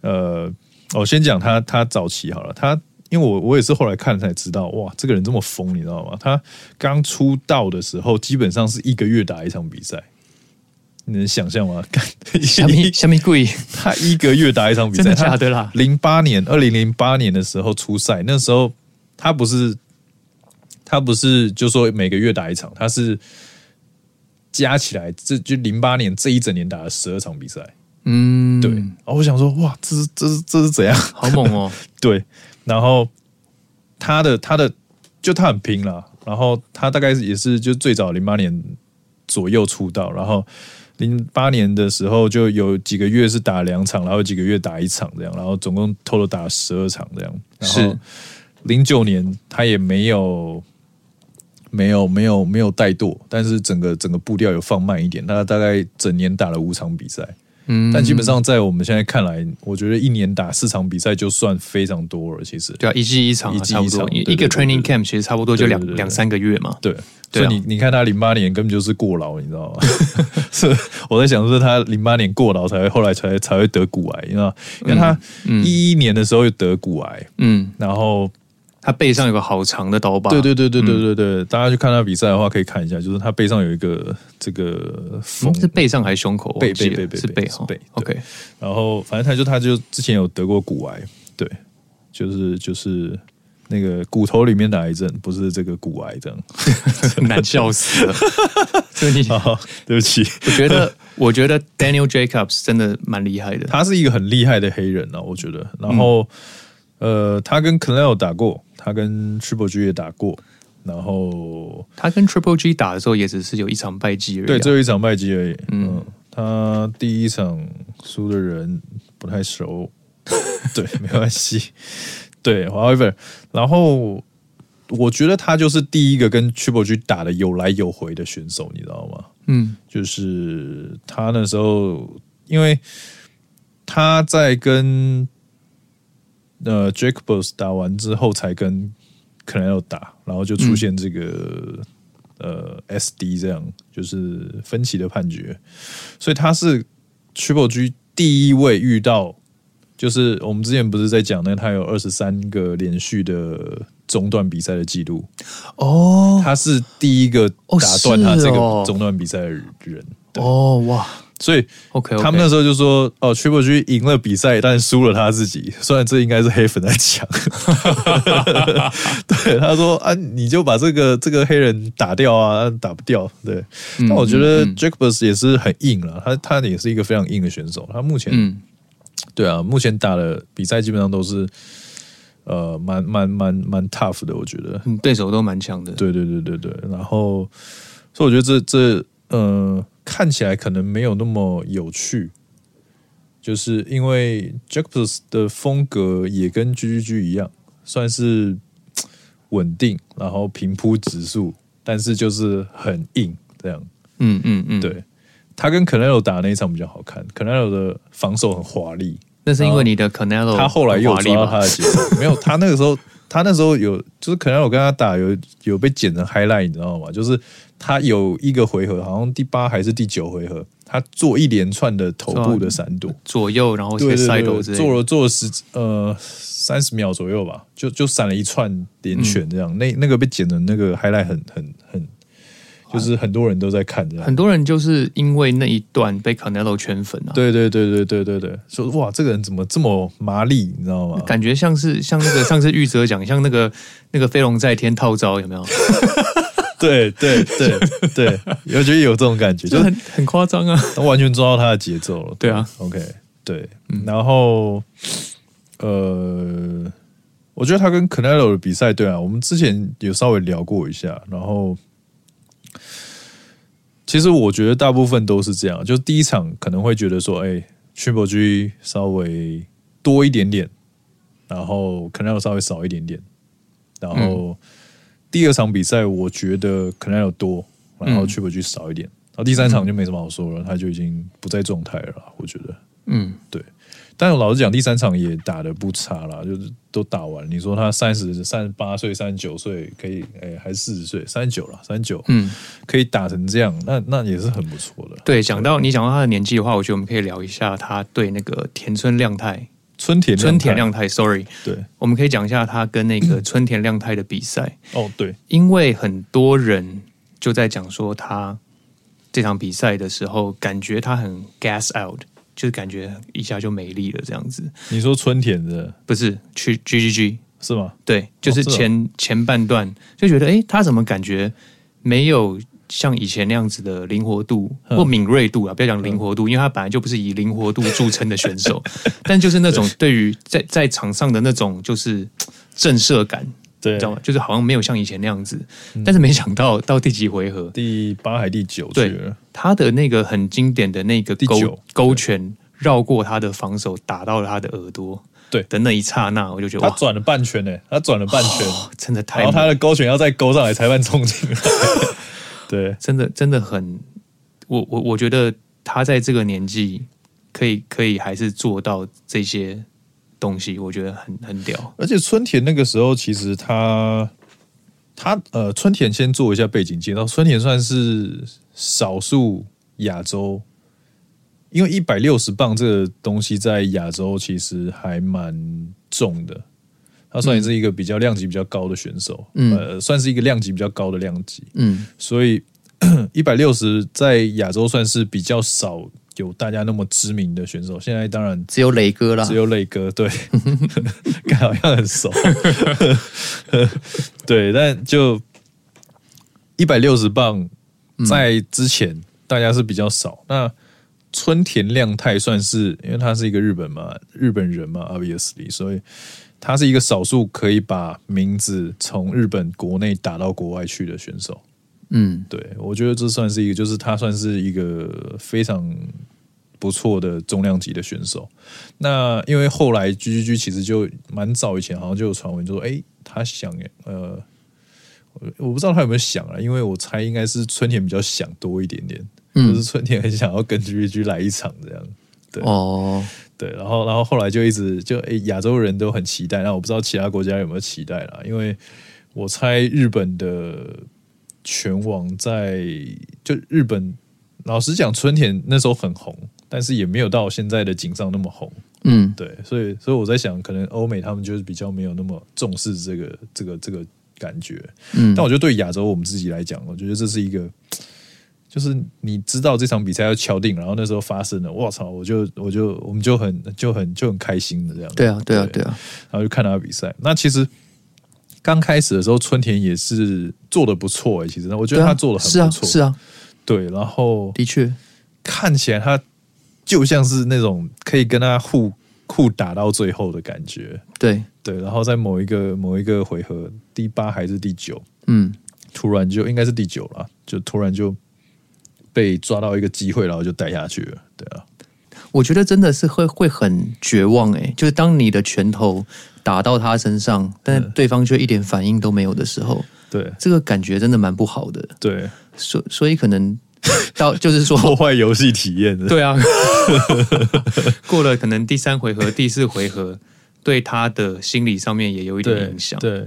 呃，我先講他他早期好了，他因為我我也是後來看才知道，哇，這個人這麼瘋，你知道嗎？他剛出道的時候，基本上是一個月打一場比賽。你能想象嗎？小貴，他一個月打一場比賽，真的假的啦？零八年，二零零八年的時候出賽，那時候他不是他不是就是說每個月打一場，他是加起來這就零八年這一整年打了十二場比賽。嗯，對。然後我想說，哇，這是這是這是怎樣？好猛哦、喔！ 對，然後他的他的就他很拼了，然後他大概也是就最早零八年左右出道，然後。零八年的時候，就有幾個月是打兩場，然後幾個月打一場這樣，然後總共偷偷打了十二場這樣。是零九年，他也沒有沒有沒有沒有怠惰，但是整個整個步調有放慢一點，他大概整年打了五場比賽。嗯，但基本上在我們現在看來，我覺得一年打四場比賽就算非常多了。其實，對啊，一季一場，啊，一季一場，一個 training camp 對對對對，其實差不多就兩兩三個月嘛。對，對啊，所以你你看他零八年根本就是過勞，你知道嗎？ 是我在想，說他零八年過勞才會後來才才會得骨癌，你知道嗎？因為他一一年的時候又得骨癌，嗯，嗯，然後。他背上有個好長的刀疤。對對對對對對對、對、對、嗯，大家去看他比賽的話，可以看一下，就是他背上有一個這個縫、哦，是背上還是胸口？背背背背、背是背後、哦、背、哦對。OK，然後反正他就他就之前有得過骨癌，對，就是就是那個骨頭裡面的癌症，不是這個骨癌很 難笑死了。哈哈哈所以你好對不起， 我覺得我覺得 Daniel Jacobs 真的蠻厲害的，他是一個很厲害的黑人啊、哦，我覺得。然後、嗯、呃，他跟 Canelo 打過。他跟 Triple G 也打過，然後他跟 Triple G 打的時候也只是有一場敗績而已啊，對，最後一場敗績而已嗯。嗯，他第一場輸的人不太熟， 對，沒關係。對，whatever。然後我覺得他就是第一個跟 Triple G 打的有來有回的選手，你知道嗎？嗯，就是他那時候，因為他在跟。那、呃、Jacobs 打完之後才跟 Canelo 打，然後就出現這個、嗯、呃 SD 這樣，就是分歧的判決。所以他是 Triple G 第一位遇到，就是我們之前不是在講那他有二十三個連續的中斷比賽的記錄哦，他是第一個打斷他這個中斷比賽的人哦，哦哇。所以 okay, okay. 他們那時候就說，哦，Triple G 贏了比賽，但輸了他自己。雖然這應該是黑粉在講， 對，他說啊，你就把這個這個黑人打掉啊，打不掉。對，嗯、但我覺得 Jacobs 也是很硬了、嗯，他他也是一個非常硬的選手。他目前，嗯、對啊，目前打的比賽基本上都是，呃，蠻蠻蠻蠻 tough 的，我覺得、嗯、對手都蠻強的。對，對，對，對，對。然後，所以我覺得這這，嗯、呃。看起來可能沒有那麼有趣，就是因為 Jacobs 的風格也跟 G G G 一樣，算是穩定，然後平鋪直敘，但是就是很硬這樣。嗯嗯嗯，對，他跟 Canelo 打的那一場比較好看，Canelo 的防守很華麗，那是因為你的 Canelo，他後來又刷他的節奏， 沒有，他那個時候。他那時候有，就是可能我跟他打有有被剪成 highlight，你知道嗎？就是他有一個回合，好像第八還是第九回合，他做一連串的頭部的閃躲、啊，左右然後對對對，做了做了十呃三十秒左右吧，就就閃了一串連拳這樣，嗯、那那個被剪的那個 highlight 很很很。很很就是很多人都在看着，很多人就是因為那一段被 Canelo 圈粉，啊、對對對對對對對，說哇，這個人怎麼這麼麻利，你知道嗎？感覺像是像那個 上次玉澤講，像那個那個飛龍在天套招有沒有？對對對對，對對對 我覺得有這種感覺，就很就很誇張啊，都完全抓到他的節奏了。對啊，OK，對，嗯、然後呃，我覺得他跟 Canelo 的比賽，對啊，我們之前有稍微聊過一下，然後。其實我覺得大部分都是這樣，就第一場可能會覺得說，哎、欸，Triple G 稍微多一點點，然後 Canelo 稍微少一點點，然後第二場比賽我覺得 Canelo 多，然後 Triple G 少一點，然後第三場就沒什麼好說了，他就已經不在狀態了，我覺得，嗯，對。但老實講，第三場也打得不差啦，就是都打完。你說他三十三、十八歲、三十九歲，可以誒、哎，還是四十歲，三十九了，三十九，嗯，可以打成這樣，那那也是很不錯的。對，講到、嗯、你講到他的年紀的話，我覺得我們可以聊一下他對那個田村亮太、村田村田亮太。Sorry，對，我們可以講一下他跟那個村田亮太的比賽。哦，對，因為很多人就在講說他這場比賽的時候，感覺他很 gas out。就是感覺一下就沒力了，這樣子。你說春田的不是去 G G G 是嗎？對，就是前、哦是啊、前半段就覺得，哎、欸，他怎麼感覺沒有像以前那樣子的靈活度或敏銳度啊，不要講靈活度、嗯，因為他本來就不是以靈活度著稱的選手。 但就是那種對於在在場上的那種就是震懾感。對，你知道嗎？就是好像沒有像以前那樣子，嗯、但是沒想到到第幾回合？第八還第九？對，他的那個很經典的那個勾第九勾拳，繞過他的防守，打到了他的耳朵。對的那一剎那，我就覺得他轉了半圈呢，他轉了半圈、欸哦，真的太……然後他的勾拳要再勾上來，裁判衝進來。 對，真的真的很，我我我覺得他在這個年紀可以可以還是做到這些。東西我覺得很很屌，而且春田那個時候其實他他呃春田先做一下背景介紹，春田算是少數亞洲，因為一百六十磅這個東西在亞洲其實還蠻重的，他算也是一個比較量級比較高的選手，嗯，呃算是一個量級比較高的量級，嗯，所以一百六十在亞洲算是比較少。有大家那麼知名的選手，現在當然只有雷哥了。只有雷哥，對，剛 好像很熟， 對。但就一百六十磅，在之前大家是比較少。嗯、那村田諒太算是，因為他是一個日本嘛，日本人嘛，obviously，所以他是一個少數可以把名字從日本國內打到國外去的選手。嗯，對，我覺得這算是一個，就是他算是一個非常不錯的中量級的選手。那因為後來 G G G 其實就蠻早以前好像就有傳聞，就說哎，他想呃我，我不知道他有沒有想啊，因為我猜應該是春天比較想多一點點，嗯、就是春天很想要跟 G G G 來一場這樣。對，哦，對，然後然後後來就一直就哎，亞洲人都很期待，那我不知道其他國家有沒有期待啦，因為我猜日本的。全網在就日本，老實講，春田那時候很紅，但是也沒有到現在的景上那麼紅。嗯，對，所以所以我在想，可能歐美他們就是比較沒有那麼重視這個這個這個感覺。嗯，但我覺得對亞洲我們自己來講，我覺得這是一個，就是你知道這場比賽要敲定，然後那時候發生了，我操，我就我就，我，就我們就很就很就很開心的這樣。對啊，對啊，對啊，對，然後就看他比賽。那其實。剛開始的時候，春田也是做的不錯哎、欸，其實我覺得他做的很不錯、啊啊，是啊，對，然後的確看起來他就像是那種可以跟他互互打到最後的感覺，對對，然後在某一個某一個回合，第八還是第九，嗯，突然就應該是第九了，就突然就被抓到一個機會，然後就帶下去了，對啊。我覺得真的是會會很絕望哎、欸，就是當你的拳頭打到他身上，但對方卻一點反應都沒有的時候，對這個感覺真的蠻不好的。對，所以所以可能到就是說 破壞遊戲體驗的。對啊， 過了可能第三回合、第四回合，對他的心理上面也有一點影響。對，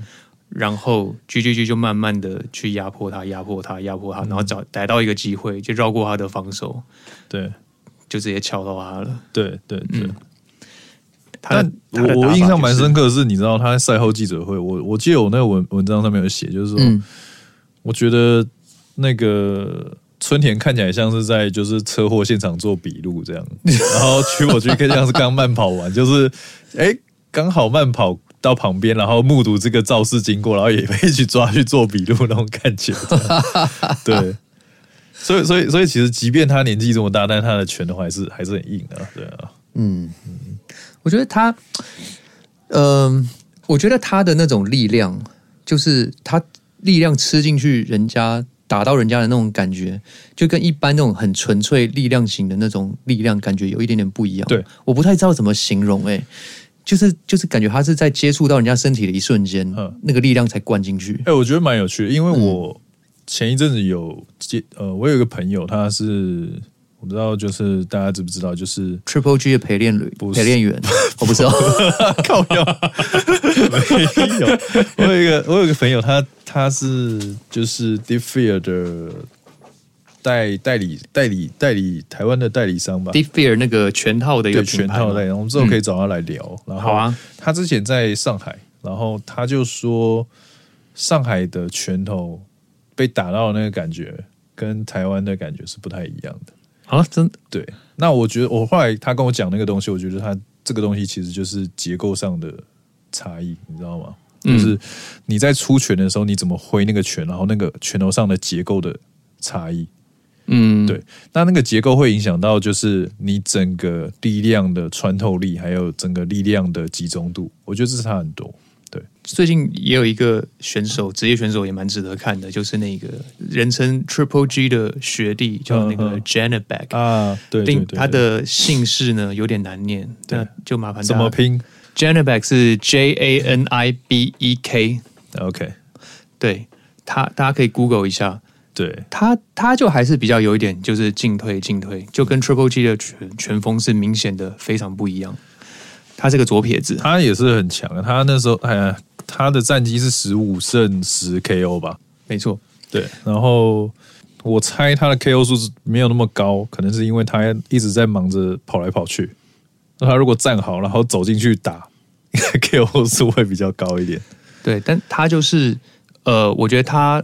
然後 GGG 就慢慢的去壓迫他、壓迫他、壓迫他，嗯、然後找逮到一個機會就繞過他的防守。對。就直接敲到他了。對對對、嗯他，但我我印象蠻深刻的是，的、就是，你知道他在賽後記者會，我我記得我那個文文章上面有寫，就是說、嗯，我覺得那個春田看起來像是在就是車禍現場做筆錄這樣，嗯、然後屈我卻更像是剛慢跑完， 就是哎剛、欸、好慢跑到旁邊，然後目睹這個肇事經過，然後也被一起抓去做筆錄那種感覺，對。 所以，所以，所以，其實，即便他年紀這麼大，但是他的拳的話，還是還是很硬的、啊。對啊。嗯，嗯我覺得他，嗯、呃，我覺得他的那種力量，就是他力量吃進去，人家打到人家的那種感覺，就跟一般那種很純粹力量型的那種力量感覺有一點點不一樣。對，我不太知道怎麼形容、欸，哎，就是就是感覺他是在接觸到人家身體的一瞬間、嗯，那個力量才灌進去。哎、欸，我覺得蠻有趣的，因為我。嗯前一陣子有接呃，我有一個朋友，他是我不知道，就是大家知不知道，就是 Triple G 的陪練旅，陪練員，我不知道， 靠夭謠， 沒有。我有一個我有一個朋友他，他他是就是 Deep Fear 的代代理代理代理台灣的代理商吧，Deep Fear 那個拳套的一個拳套的代我們之後可以找他來聊、嗯。然後，好啊，他之前在上海，然後他就說上海的拳頭。被打到的那個感覺，跟台灣的感覺是不太一樣的。啊，真對。那我覺得，我後來他跟我講那個東西，我覺得他這個東西其實就是結構上的差異，你知道嗎？嗯。就是你在出拳的時候，你怎麼揮那個拳，然後那個拳頭上的結構的差異。嗯，對。那那個結構會影響到，就是你整個力量的穿透力，還有整個力量的集中度。我覺得這是差很多。最近也有一個選手，職業選手也蠻值得看的，就是那個人稱 Triple G 的學弟，叫、就是、那個 Janibek 啊，對，他的姓氏呢有點難唸，對、uh -huh.，就麻煩怎麼拼 Janibek 是 J A N I B E K，OK，、okay. 對他，大家可以 Google 一下，對他，他就還是比較有一點就是進退進退，就跟 Triple G 的拳拳風是明顯的非常不一樣。他是個左撇子，他也是很強啊，他那時候哎。呀。他的戰績是十五勝十 K O 吧？沒錯，對。然後我猜他的 K O 數沒有那麼高，可能是因為他一直在忙着跑來跑去。那、嗯、他如果站好，然後走進去打，K O 數會比較高一點。對，但他就是呃，我覺得他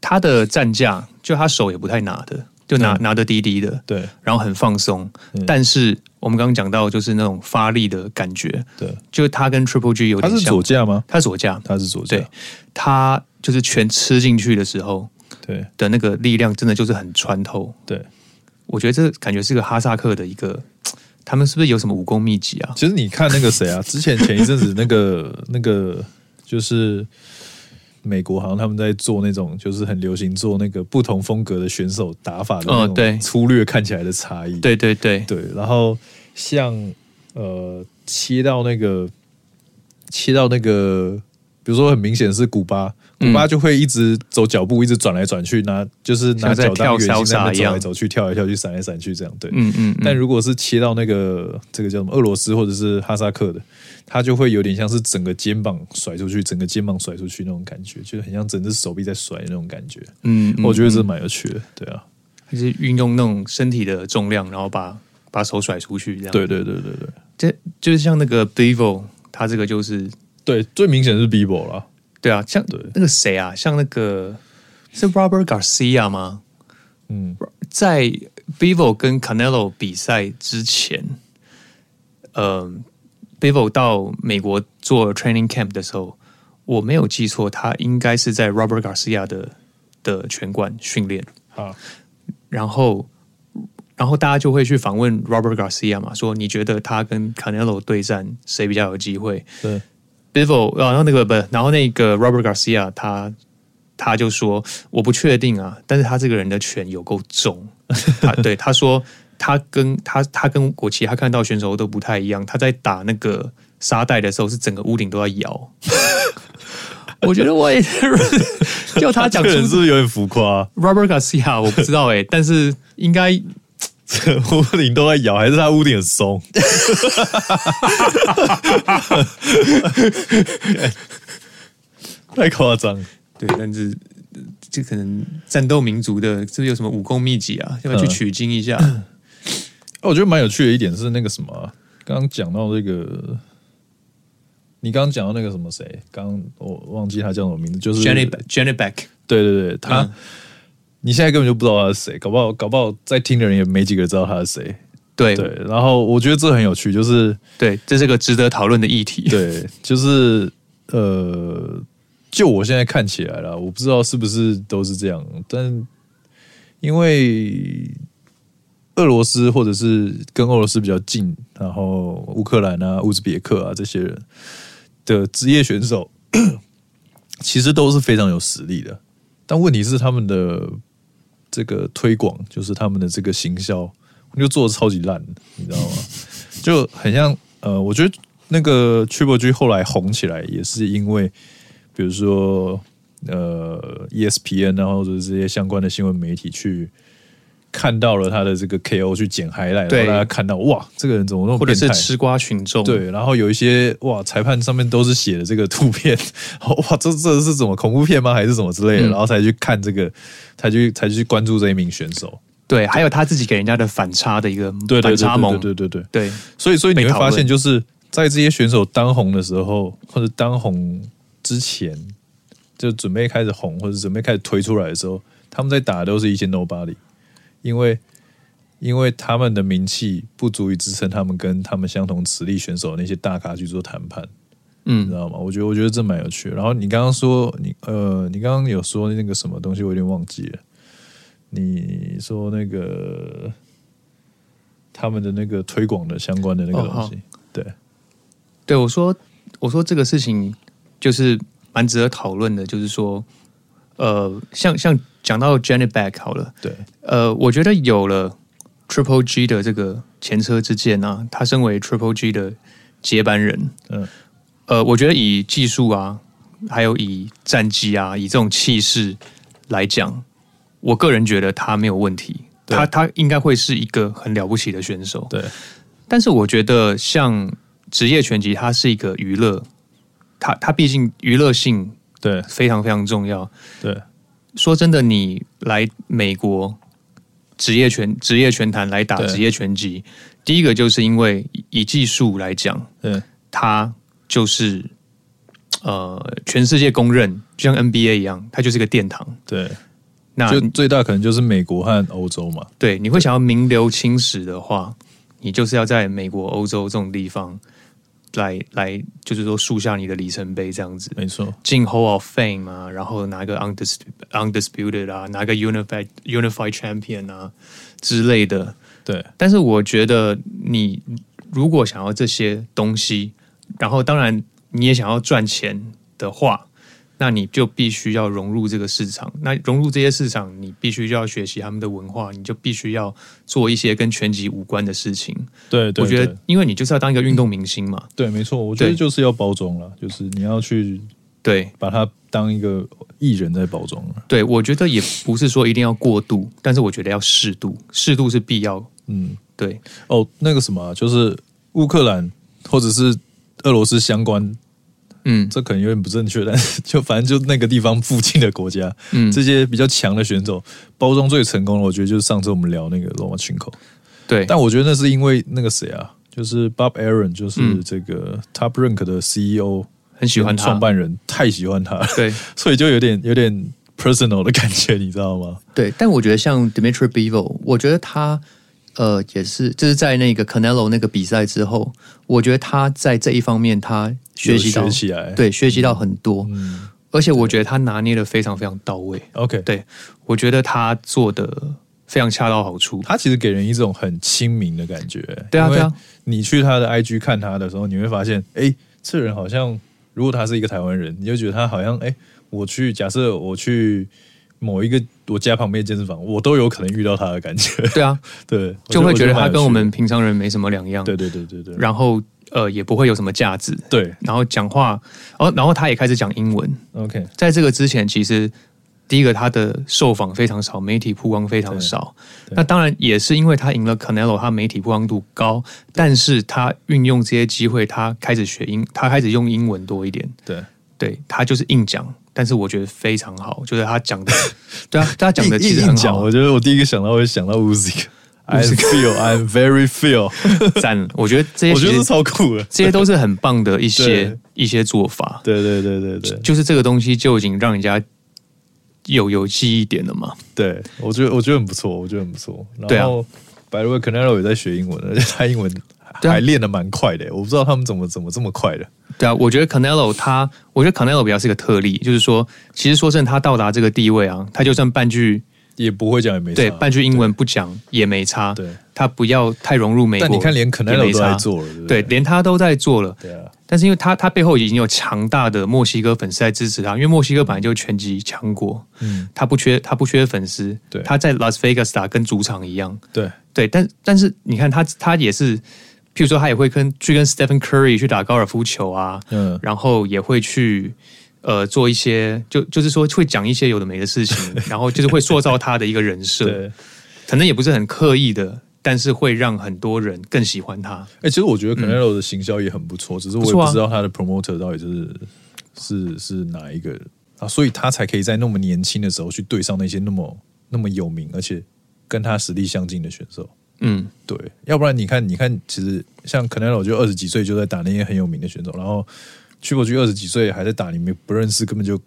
他的站架，就他手也不太拿的，就拿拿的低低的，對，然後很放鬆、嗯，但是。我們剛剛講到，就是那種發力的感覺，對，就是他跟 Triple G 有點像。他是左架嗎？他是左架，他是左架。對，他就是全吃進去的時候，對的那個力量真的就是很穿透。對，我覺得這感覺是個哈薩克的一個，他們是不是有什麼武功秘籍啊？其實你看那個誰啊， 之前前一陣子那個 那個就是。美國好像他們在做那種，就是很流行做那個不同風格的選手打法的，嗯，對，粗略看起來的差異，哦，對，對對對對。然後像呃，切到那個，切到那個。比如說，很明顯是古巴，古巴就會一直走腳步，一直轉來轉去，拿就是拿腳當圓心那邊走來走去，跳來跳去，閃來閃去，這樣對。嗯嗯，嗯。但如果是切到那個這個叫什麼俄羅斯或者是哈薩克的，他就會有點像是整個肩膀甩出去，整個肩膀甩出去那種感覺，就是很像整只手臂在甩那種感覺。嗯，嗯我覺得這是蠻有趣的，對啊。就是運用那種身體的重量，然後把把手甩出去這樣。對，對對對對對。這就是像那個 Bevo，他這個就是。對，最明顯的是 Bivol 了。對啊，像，對，那個誰啊，像那個是 Robert Garcia 嗎？嗯，在 Bivol 跟 Canelo 比賽之前，呃，Bivol 到美國做 training camp 的時候，我沒有記錯，他應該是在 Robert Garcia 的的拳館訓練啊。然後，然後大家就會去訪問 Robert Garcia 嘛，說你覺得他跟 Canelo 對戰誰比較有機會？對。Vivo，然、哦、後那個不，然後那個 Robert Garcia，他他就說，我不確定啊，但是他這個人的拳有夠重，他對，他說他跟他他跟國旗，他看到選手都不太一樣，他在打那個沙袋的時候是整個屋頂都在搖， 我覺得我也，就 他講的是不是有點浮誇、啊、，Robert Garcia 我不知道誒、欸，但是應該。這屋頂都在搖，還是他屋頂很鬆？ 太誇張！對，但是這可能戰鬥民族的，是不是有什麼武功秘籍啊？嗯、要不要去取經一下？我覺得蠻有趣的一點是那個什麼，剛剛講到那個，你剛剛講到那個什麼誰？剛我忘記他叫什麼名字，就是 Jenny Jenny Back。Janet, Janet Beck 對對對，他。嗯你現在根本就不知道他是誰，搞不好搞不好在聽的人也沒幾個知道他是誰。對，然後我覺得這很有趣，就是對，這是一個值得討論的議題。對，就是呃，就我現在看起來啦，我不知道是不是都是這樣，但因為俄羅斯或者是跟俄羅斯比較近，然後烏克蘭啊、烏茲別克啊這些人的職業選手，其實都是非常有實力的，但問題是他們的。這個推廣就是他們的這個行銷，就做的超級爛，你知道嗎？就很像呃，我覺得那個 Triple G 後來紅起來，也是因為比如說呃，ESPN 啊，或者這些相關的新聞媒體去。看到了他的這個 K.O. 去剪 highlight，然後大家看到哇，這個人怎麼那麼變態？或者是吃瓜群眾對，然後有一些哇，裁判上面都是寫的這個圖片，哇，這這是什麼恐怖片嗎？還是什麼之類的、嗯？然後才去看這個，才去才去關注這一名選手對。對，還有他自己給人家的反差的一個對，反差萌。對對對對,對,對,對,對,對，所以所以你會發現，就是在這些選手當紅的時候，或者當紅之前就準備開始紅，或者準備開始推出來的時候，他們在打的都是一些 Nobody。因為，因為他們的名氣不足以支撐他們跟他們相同實力選手那些大咖去做談判，嗯，你知道嗎？我覺得，我覺得這蠻有趣的。然後你剛剛說你呃，你剛剛有說那個什麼東西，我有點忘記了。你說那個他們的那個推廣的相關的那個東西，哦，對，對，我說，我說這個事情就是蠻值得討論的，就是說，呃，像像。講到 Janibek 好了，對，呃，我覺得有了 Triple G 的這個前車之鑑呢、啊，他身為 Triple G 的接班人，嗯，呃，我覺得以技術啊，還有以戰績啊，以這種氣勢來講，我個人覺得他沒有問題，他他應該會是一個很了不起的選手，對。但是我覺得像職業拳擊，它是一個娛樂，他他畢竟娛樂性對非常非常重要，對。對說真的，你來美國職業拳職業拳壇來打職業拳擊，第一個就是因為以技術來講，嗯，他就是呃，全世界公認，就像 NBA 一樣，它就是一個殿堂。對，那就最大可能就是美國和歐洲嘛。對，你會想要名留青史的話，你就是要在美國、歐洲這種地方。來來，就是說樹下你的里程碑這樣子，沒錯，進 Hall of Fame 啊，然後拿個 undisputed 啊，拿個 unified unified champion 啊之類的，對。但是我覺得你如果想要這些東西，然後當然你也想要賺錢的話。那你就必須要融入這個市場，那融入這些市場，你必須要學習他們的文化，你就必須要做一些跟拳擊無關的事情。對，對我覺得，因為你就是要當一個運動明星嘛。對，對沒錯，我覺得就是要包裝了，就是你要去對把它當一個藝人在包裝。對，對我覺得也不是說一定要過度，但是我覺得要適度，適度是必要。嗯，對。哦，那個什麼，就是烏克蘭或者是俄羅斯相關。嗯，這可能有點不正確，但是就反正就那個地方附近的國家，嗯，這些比較強的選手包裝最成功的。我覺得就是上次我們聊那個 Lomachenko，對。但我覺得那是因為那個誰啊，就是 Bob Aaron，就是這個 Top Rank 的 CEO，、嗯嗯、很喜歡創辦人，太喜歡他了，對，所以就有點有點 personal 的感覺，你知道嗎？對。但我覺得像 Dmitry Bivol，我覺得他呃也是就是在那個 Canelo 那個比賽之後，我覺得他在這一方面他。學習到對，學習到很多，嗯嗯，而且我覺得他拿捏得非常非常到位。OK，對，我覺得他做得非常恰到好處。他其實給人一種很親民的感覺。對啊，對啊。你去他的 IG 看他的時候，你會發現，哎，欸，這人好像如果他是一個台灣人，你就覺得他好像，哎，欸，我去假設我去某一個我家旁邊的健身房，我都有可能遇到他的感覺。對啊，對，就會覺得他跟我們平常人沒什麼兩樣。對對，對對對對對，然後。呃，也不會有什麼價值。對，然後講話，哦，然後他也開始講英文。OK，在這個之前，其實第一個他的受訪非常少，媒體曝光非常少。那當然也是因為他贏了 Canelo，他媒體曝光度高。但是他運用這些機會，他開始學英，他開始用英文多一點。對，對他就是硬講，但是我覺得非常好，就是他講的， 對啊，他講的其實很好。 我覺得我第一個想到我會想到，Uzica I feel, I'm very feel，贊！ 我覺得這些我覺得是超酷的，這些都是很棒的一些一些做法。對對對對對，對就，就是這個東西就已經讓人家有有記憶點了嘛。對我覺得我覺得很不錯，我覺得很不錯。然後白、啊、By the way，Canelo 也在學英文，而且他英文還練的蠻快的、啊。我不知道他們怎麼怎麼這麼快的。對啊，我覺得 Canelo 他，我覺得 Canelo 比較是個特例，就是說，其實說真的，他到達這個地位啊，他就算半句。也不會講也沒差、啊、對，半句英文不講也沒差，對，他不要太融入美國。但你看連 Canelo 也都在做，對、對、對，連他都在做了。對啊，但是因為他他背後已經有強大的墨西哥粉絲在支持他，因為墨西哥本來就拳擊強國，嗯，他不缺他不缺粉絲，對，他在拉斯維加斯打跟主場一樣，對對，但但是你看他他也是，譬如說他也會跟去跟 Stephen Curry 去打高爾夫球啊，嗯、然後也會去。呃，做一些就就是說會講一些有的沒的事情， 然後就是會塑造他的一個人設對，可能也不是很刻意的，但是會讓很多人更喜歡他。哎、欸，其實我覺得 Canelo 的行銷也很不錯、嗯，只是我也不知道他的 promoter 到底、就是、啊、是是哪一個啊，所以他才可以在那麼年輕的時候去對上那些那麼那麼有名而且跟他實力相近的選手。嗯，對，要不然你看，你看，其實像 Canelo 就二十幾歲就在打那些很有名的選手，然後。去過去二十幾歲還在打，你們不認識，根本就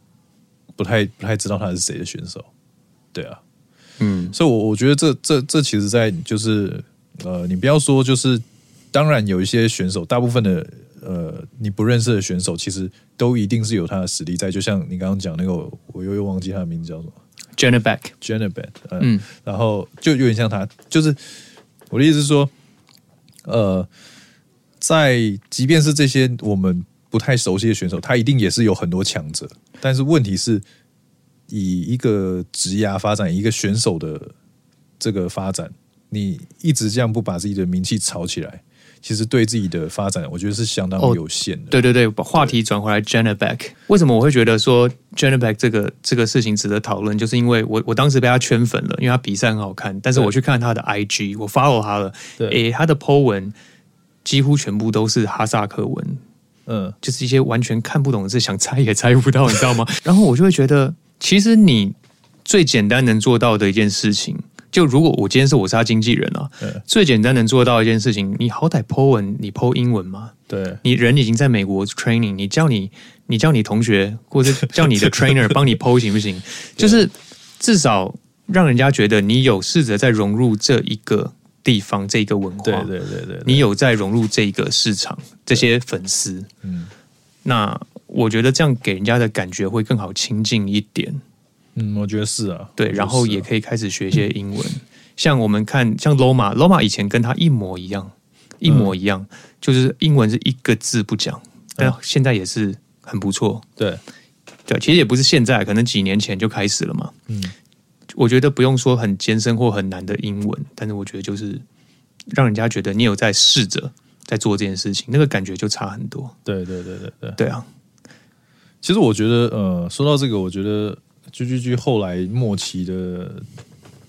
不太不太知道他是誰的選手，對啊，嗯，所、so, 以，我我覺得這這這其實在就是呃，你不要說，就是當然有一些選手，大部分的呃你不認識的選手，其實都一定是有他的實力在。就像你剛剛講那個，我又我又忘記他的名字叫什麼，Jenna Beck，Jenna Beck，、呃、嗯，然後就有點像他，就是我的意思是說，呃，在即便是這些我們不太熟悉的選手，他一定也是有很多強者。但是問題是以一個職業發展一個選手的這個發展，你一直這樣不把自己的名氣炒起來，其實對自己的發展，我覺得是相當有限的。哦、對對對，把話題轉回來，Jennerback，為什麼我會覺得說 Jennerback 這個這個事情值得討論？就是因為我我當時被他圈粉了，因為他比賽很好看。但是我去看他的 IG，我 follow 他了。對，欸、他的 PO 文幾乎全部都是哈薩克文。呃、嗯，就是一些完全看不懂的事，是想猜也猜不到，你知道嗎？ 然後我就會覺得，其實你最簡單能做到的一件事情，就如果我今天是我是他經紀人啊，嗯、最簡單能做到一件事情，你好歹 PO 文，你 PO 英文嘛，對，你人已經在美國 training，你叫你，你叫你同學，或者叫你的 trainer 幫你 PO 行不行？就是至少讓人家覺得你有試着在融入這一個。地方這個文化，對對對，對，對你有在融入這個市場，這些粉絲、嗯，那我覺得這樣給人家的感覺會更好親近一點，嗯，我覺得是啊，對，啊、然後也可以開始學一些英文，嗯、像我們看像 Loma、嗯，Loma 以前跟他一模一樣、嗯，一模一樣，就是英文是一個字不講，嗯、但現在也是很不錯、嗯，對，對，其實也不是現在，可能幾年前就開始了嘛，嗯。我覺得不用說很艱深或很難的英文，但是我覺得就是讓人家覺得你有在試着在做這件事情，那個感覺就差很多。對對對對對，對啊。其實我覺得，呃，說到這個，我覺得 GGG 後來末期的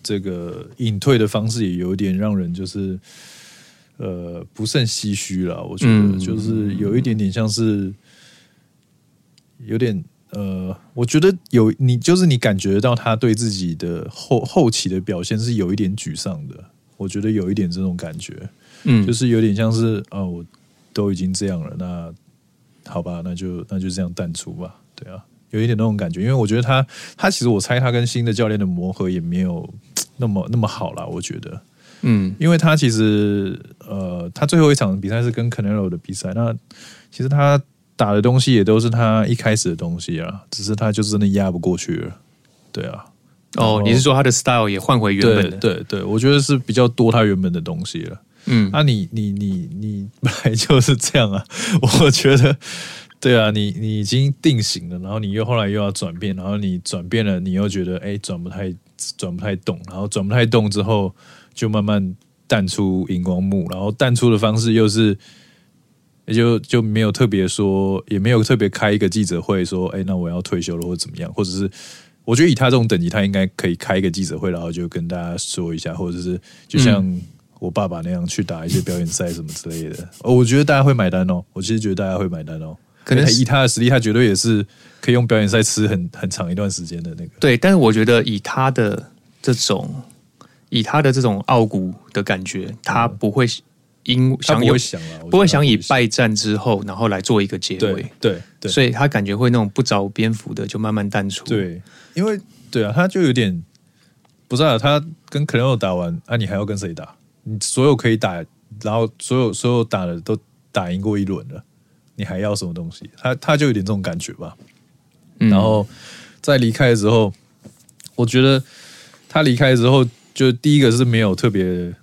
這個隱退的方式，也有點讓人就是呃不勝唏噓了。我覺得就是有一點點像是、嗯、有點。呃，我覺得有你，就是你感覺到他對自己的後後期的表現是有一點沮喪的。我覺得有一點這種感覺，嗯，就是有點像是啊，我都已經這樣了，那好吧，那就那就這樣淡出吧。對啊，有一點那種感覺，因為我覺得他他其實我猜他跟新的教練的磨合也沒有那麼那麼好啦。我覺得，嗯，因為他其實呃，他最後一場比賽是跟 Canelo 的比賽，那其實他。打的東西也都是他一開始的東西啊，只是他就是真的壓不過去了，對啊。哦，你是說他的 style 也換回原本的？對，對對，我覺得是比較多他原本的東西了。嗯，啊你，你你你你本來就是這樣啊，我覺得，對啊，你你已經定型了，然後你又後來又要轉變，然後你轉變了，你又覺得哎，轉不太、轉不太、轉不太動，然後轉不太動之後，就慢慢淡出熒光幕，然後淡出的方式又是。也就就沒有特別說，也沒有特別開一個記者會說，哎、欸，那我要退休了或者怎麼樣，或者是我覺得以他這種等級，他應該可以開一個記者會，然後就跟大家說一下，或者是就像我爸爸那樣、嗯、去打一些表演賽什麼之類的。哦， 我覺得大家會買單哦，我其實覺得大家會買單哦，可能以他，他的實力，他絕對也是可以用表演賽吃很很長一段時間的那個。對，但是我覺得以他的這種，以他的這種傲骨的感覺，嗯、他不會。因想,想有我想啊，不會想以敗戰之後，然後來做一個結尾，對對,對，所以他感覺會那種不着邊幅的，就慢慢淡出。對，因為對啊，他就有點，不知道，他跟 Canelo 打完，啊，你還要跟誰打？你所有可以打，然後所有所有打的都打贏過一輪了，你還要什麼東西？他他就有點這種感覺吧。嗯。然後在離開的時候，我覺得他離開之後，就第一個是沒有特別。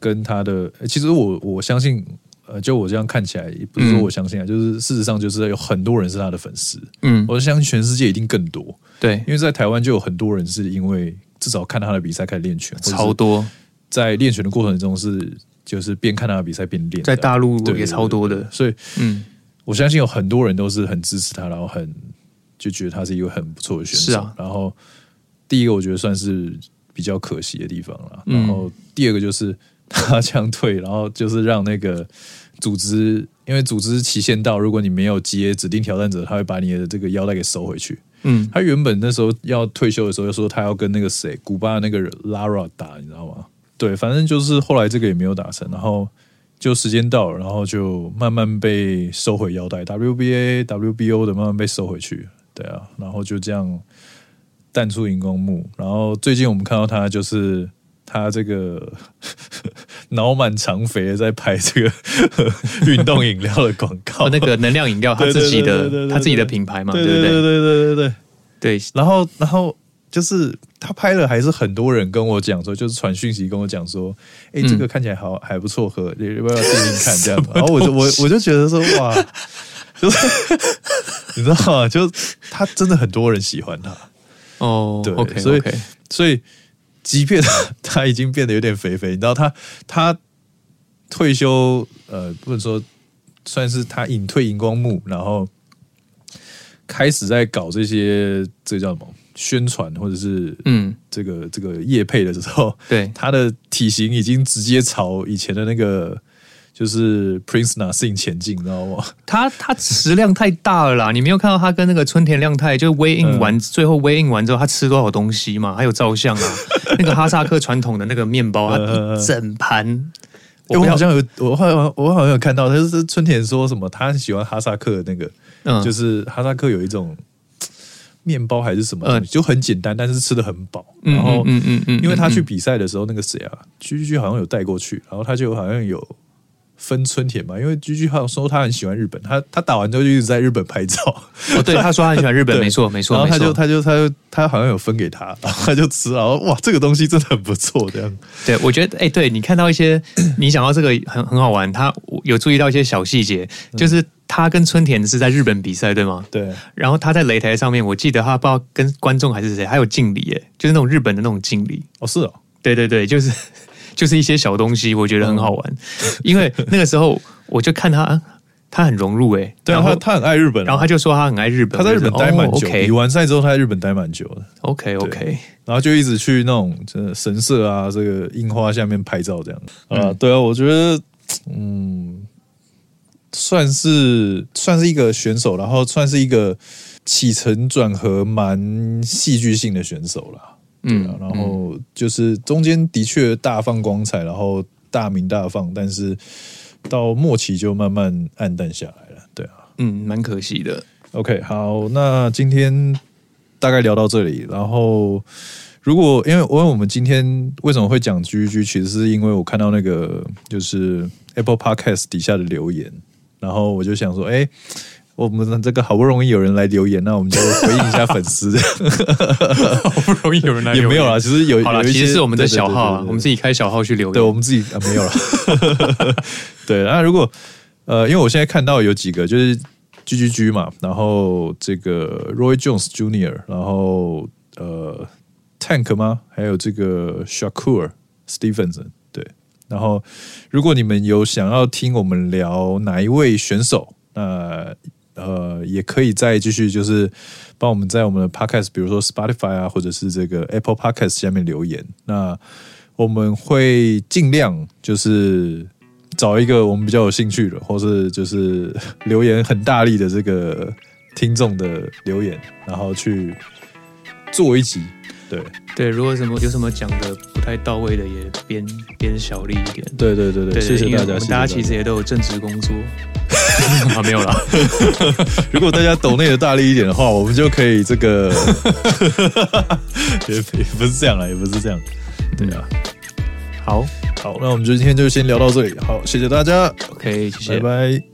跟他的，欸、其實我我相信，呃，就我這樣看起來，也不是說我相信啊、嗯，就是事實上就是有很多人是他的粉絲，嗯，我相信全世界一定更多，對，因為在台灣就有很多人是因為至少看他的比賽開始練拳，超多，在練拳的過程中是就是邊看他的比賽邊練，在大陸也對對對超多的，所以嗯，我相信有很多人都是很支持他，然後很就覺得他是一個很不錯的選手，是啊、然後第一個我覺得算是比較可惜的地方了、嗯，然後第二個就是。他這樣退，然後就是讓那個組織，因為組織期限到，如果你沒有接指定挑戰者，他會把你的這個腰帶給收回去。嗯，他原本那時候要退休的時候，就說他要跟那個誰，古巴的那個 Lara 打，你知道嗎？對，反正就是後來這個也沒有打成，然後就時間到了，然後就慢慢被收回腰帶，WBA、WBO 的慢慢被收回去。對啊，然後就這樣淡出熒光幕。然後最近我們看到他就是。他這個腦滿腸肥的在拍這個運 動飲料的廣告 那個能量飲料，他自己的，他自己的品牌嘛，對不對，對？對對對對對對，對，對對對對對對。對然後，然後就是他拍了，還是很多人跟我講說，就是傳訊息跟我講說，哎、欸嗯，這個看起來好還不錯，喝要不要進進看這樣？然後我就我我就覺得說，哇，就是 你知道嗎？就他真的很多人喜歡他哦，oh, 對，所、okay, 以所以。Okay. 所以即便他，他已經變得有點肥肥，你知道他他退休呃，不能說算是他隱退熒光幕，然後開始在搞這些這個、叫什麼宣傳，或者是、這個、嗯，這個這個業配的時候，對，他的體型已經直接朝以前的那個。就是 Prince Naseem 前進，你知道嗎？他他食量太大了啦，你沒有看到他跟那個村田諒太就 Way In 完、嗯、最後 Way In 完之後，他吃多少東西嘛？還有照相啊， 那個哈薩克傳統的那個麵包，啊整盤、呃欸。我好像有，我好像我好像有看到，就是村田說什麼他很喜歡哈薩克的那個，嗯，就是哈薩克有一種麵包還是什麼、嗯，就很簡單，但是吃得很飽。然後嗯嗯嗯,嗯，因為他去比賽的時候，那個誰啊，GGG 好像有帶過去，然後他就好像有。分春田嘛，因為 G G 好像說他很喜歡日本，他他打完之後就一直在日本拍照。哦，對，他說他很喜歡日本， 沒錯沒錯。然後他就他就他就，他，就他好像有分給他，然後他就吃啊，哇，這個東西真的很不錯，這樣。對，我覺得哎、欸，對你看到一些， 你想到這個很很好玩，他有注意到一些小細節，就是他跟春田是在日本比賽，對嗎？對。然後他在擂台上面，我記得他不知道跟觀眾還是誰，還有敬禮，耶，就是那種日本的那種敬禮。哦，是哦，對對對，就是。就是一些小東西，我覺得很好玩。嗯、因為那個時候， 我就看他，他很融入誒、欸，對啊，他他很愛日本、啊，然後他就說他很愛日本，他在日本待蠻久。你、哦喔 okay、完賽之後，他在日本待蠻久的。OK OK，然後就一直去那種神社啊，這個櫻花下面拍照這樣子啊、嗯。對啊，我覺得嗯，算是算是一個選手，然後算是一個起承轉合蠻戲劇性的選手了。嗯、啊，然後就是中間的確大放光彩，然後大鳴大放，但是到末期就慢慢暗淡下來了。對啊，嗯，蠻可惜的。OK，好，那今天大概聊到這裡。然後，如果因為我問我們今天為什麼會講 G G G，其實是因為我看到那個就是 Apple Podcast 底下的留言，然後我就想說，哎、欸。我們這個好不容易有人來留言，那我們就回應一下粉絲。 好不容易有人來留言，留 沒有啦，有。好了，其實是我們的小號對對對對對對對，我們自己開小號去留言。對，我們自己、啊、沒有了。 對啊，如果呃，因為我現在看到有幾個就是 G G G 嘛，然後這個 Roy Jones Junior，然後呃 Tank 嗎？還有這個 Shakur Stevenson。對，然後如果你們有想要聽我們聊哪一位選手，呃呃，也可以再繼續，就是幫我們在我們的 Podcast，比如說 Spotify 啊，或者是這個 Apple Podcast 下面留言。那我們會盡量就是找一個我們比較有興趣的，或是就是留言很大力的這個聽眾的留言，然後去做一集。對對，如果什麼有什麼講得不太到位的，也編編小力一點。對對對對，對，謝謝大家。大家其實也都有正職工作。謝謝 啊，沒有啦。 如果大家抖內的大力一點的話，我們就可以這個， 也，也不是這樣啊，也不是這樣，對啊。嗯，好好，那我們今天就先聊到這裡，好，謝謝大家，OK，拜拜。謝謝。